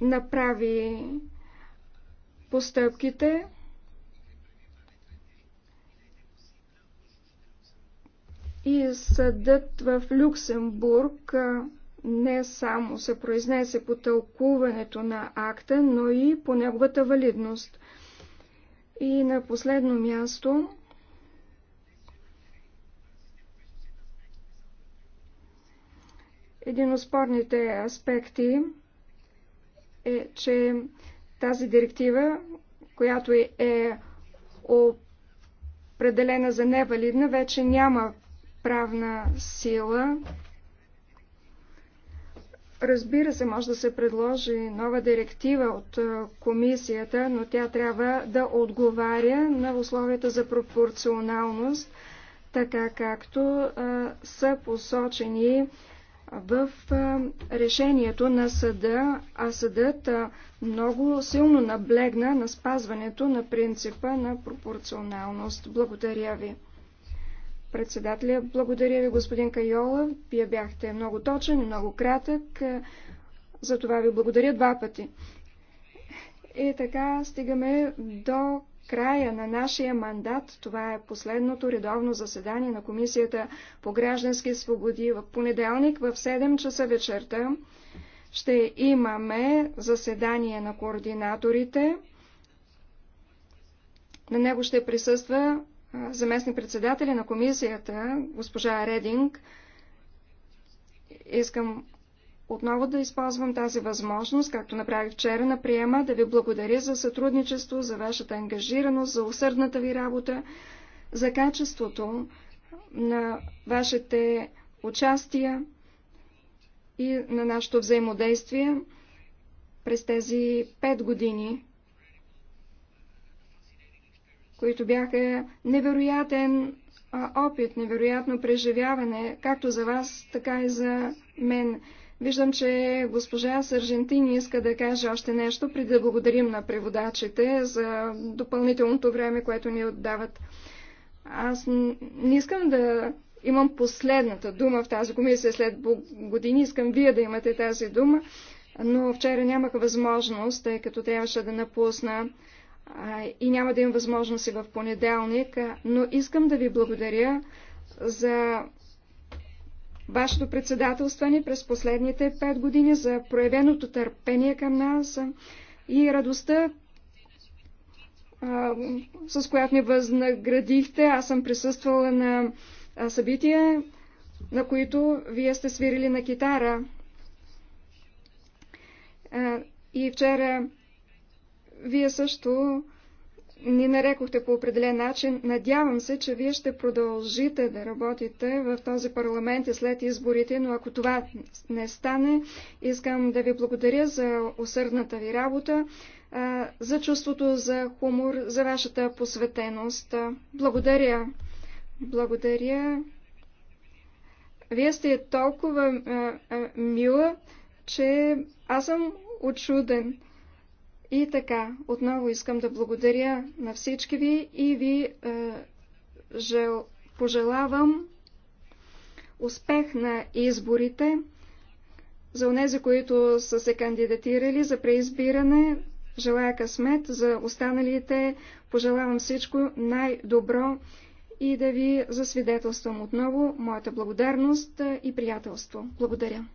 направи постъпките. И съдът в Люксембург не само се произнесе по тълкуването на акта, но и по неговата валидност. И на последно място един от спорните аспекти е, че тази директива, която е определена за невалидна, вече няма правна сила. Разбира се, може да се предложи нова директива от комисията, но тя трябва да отговаря на условията за пропорционалност, така както са посочени в решението на съда, а съдът много силно наблегна на спазването на принципа на пропорционалност. Благодаря ви. Председателя, благодаря ви, господин Кайола. Вие бяхте много точен и много кратък. За това ви благодаря два пъти. И така стигаме до края на нашия мандат. Това е последното редовно заседание на Комисията по граждански свободи в понеделник в 7 часа вечерта. Ще имаме заседание на координаторите. На него ще присъства заместник председателя на комисията, госпожа Рединг, искам отново да използвам тази възможност, както направих вчера на приема, да ви благодаря за сътрудничество, за вашата ангажираност, за усърдната ви работа, за качеството на вашите участия и на нашето взаимодействие през тези пет години, които бяха невероятен опит, невероятно преживяване, както за вас, така и за мен. Виждам, че госпожа Сържентини иска да каже още нещо, преди да благодарим на преводачите за допълнителното време, което ни отдават. Аз не искам да имам последната дума в тази комисия след години, искам вие да имате тази дума, но вчера нямах възможност, тъй като трябваше да напусна и няма да имам възможност и в понеделник, но искам да ви благодаря за вашето председателстване през последните пет години, за проявеното търпение към нас и радостта, с която ни възнаградихте. Аз съм присъствала на събития, на които вие сте свирили на китара. И вчера вие също ни нарекохте по определен начин. Надявам се, че вие ще продължите да работите в този парламент и след изборите, но ако това не стане, искам да ви благодаря за усърдната ви работа, за чувството за хумор, за вашата посветеност. Благодаря. Благодаря. Вие сте толкова мила, че аз съм очуден. И така, отново искам да благодаря на всички ви и ви е, жел, пожелавам успех на изборите за онези, които са се кандидатирали за преизбиране. Желая късмет за останалите. Пожелавам всичко най-добро и да ви засвидетелствам отново моята благодарност и приятелство. Благодаря.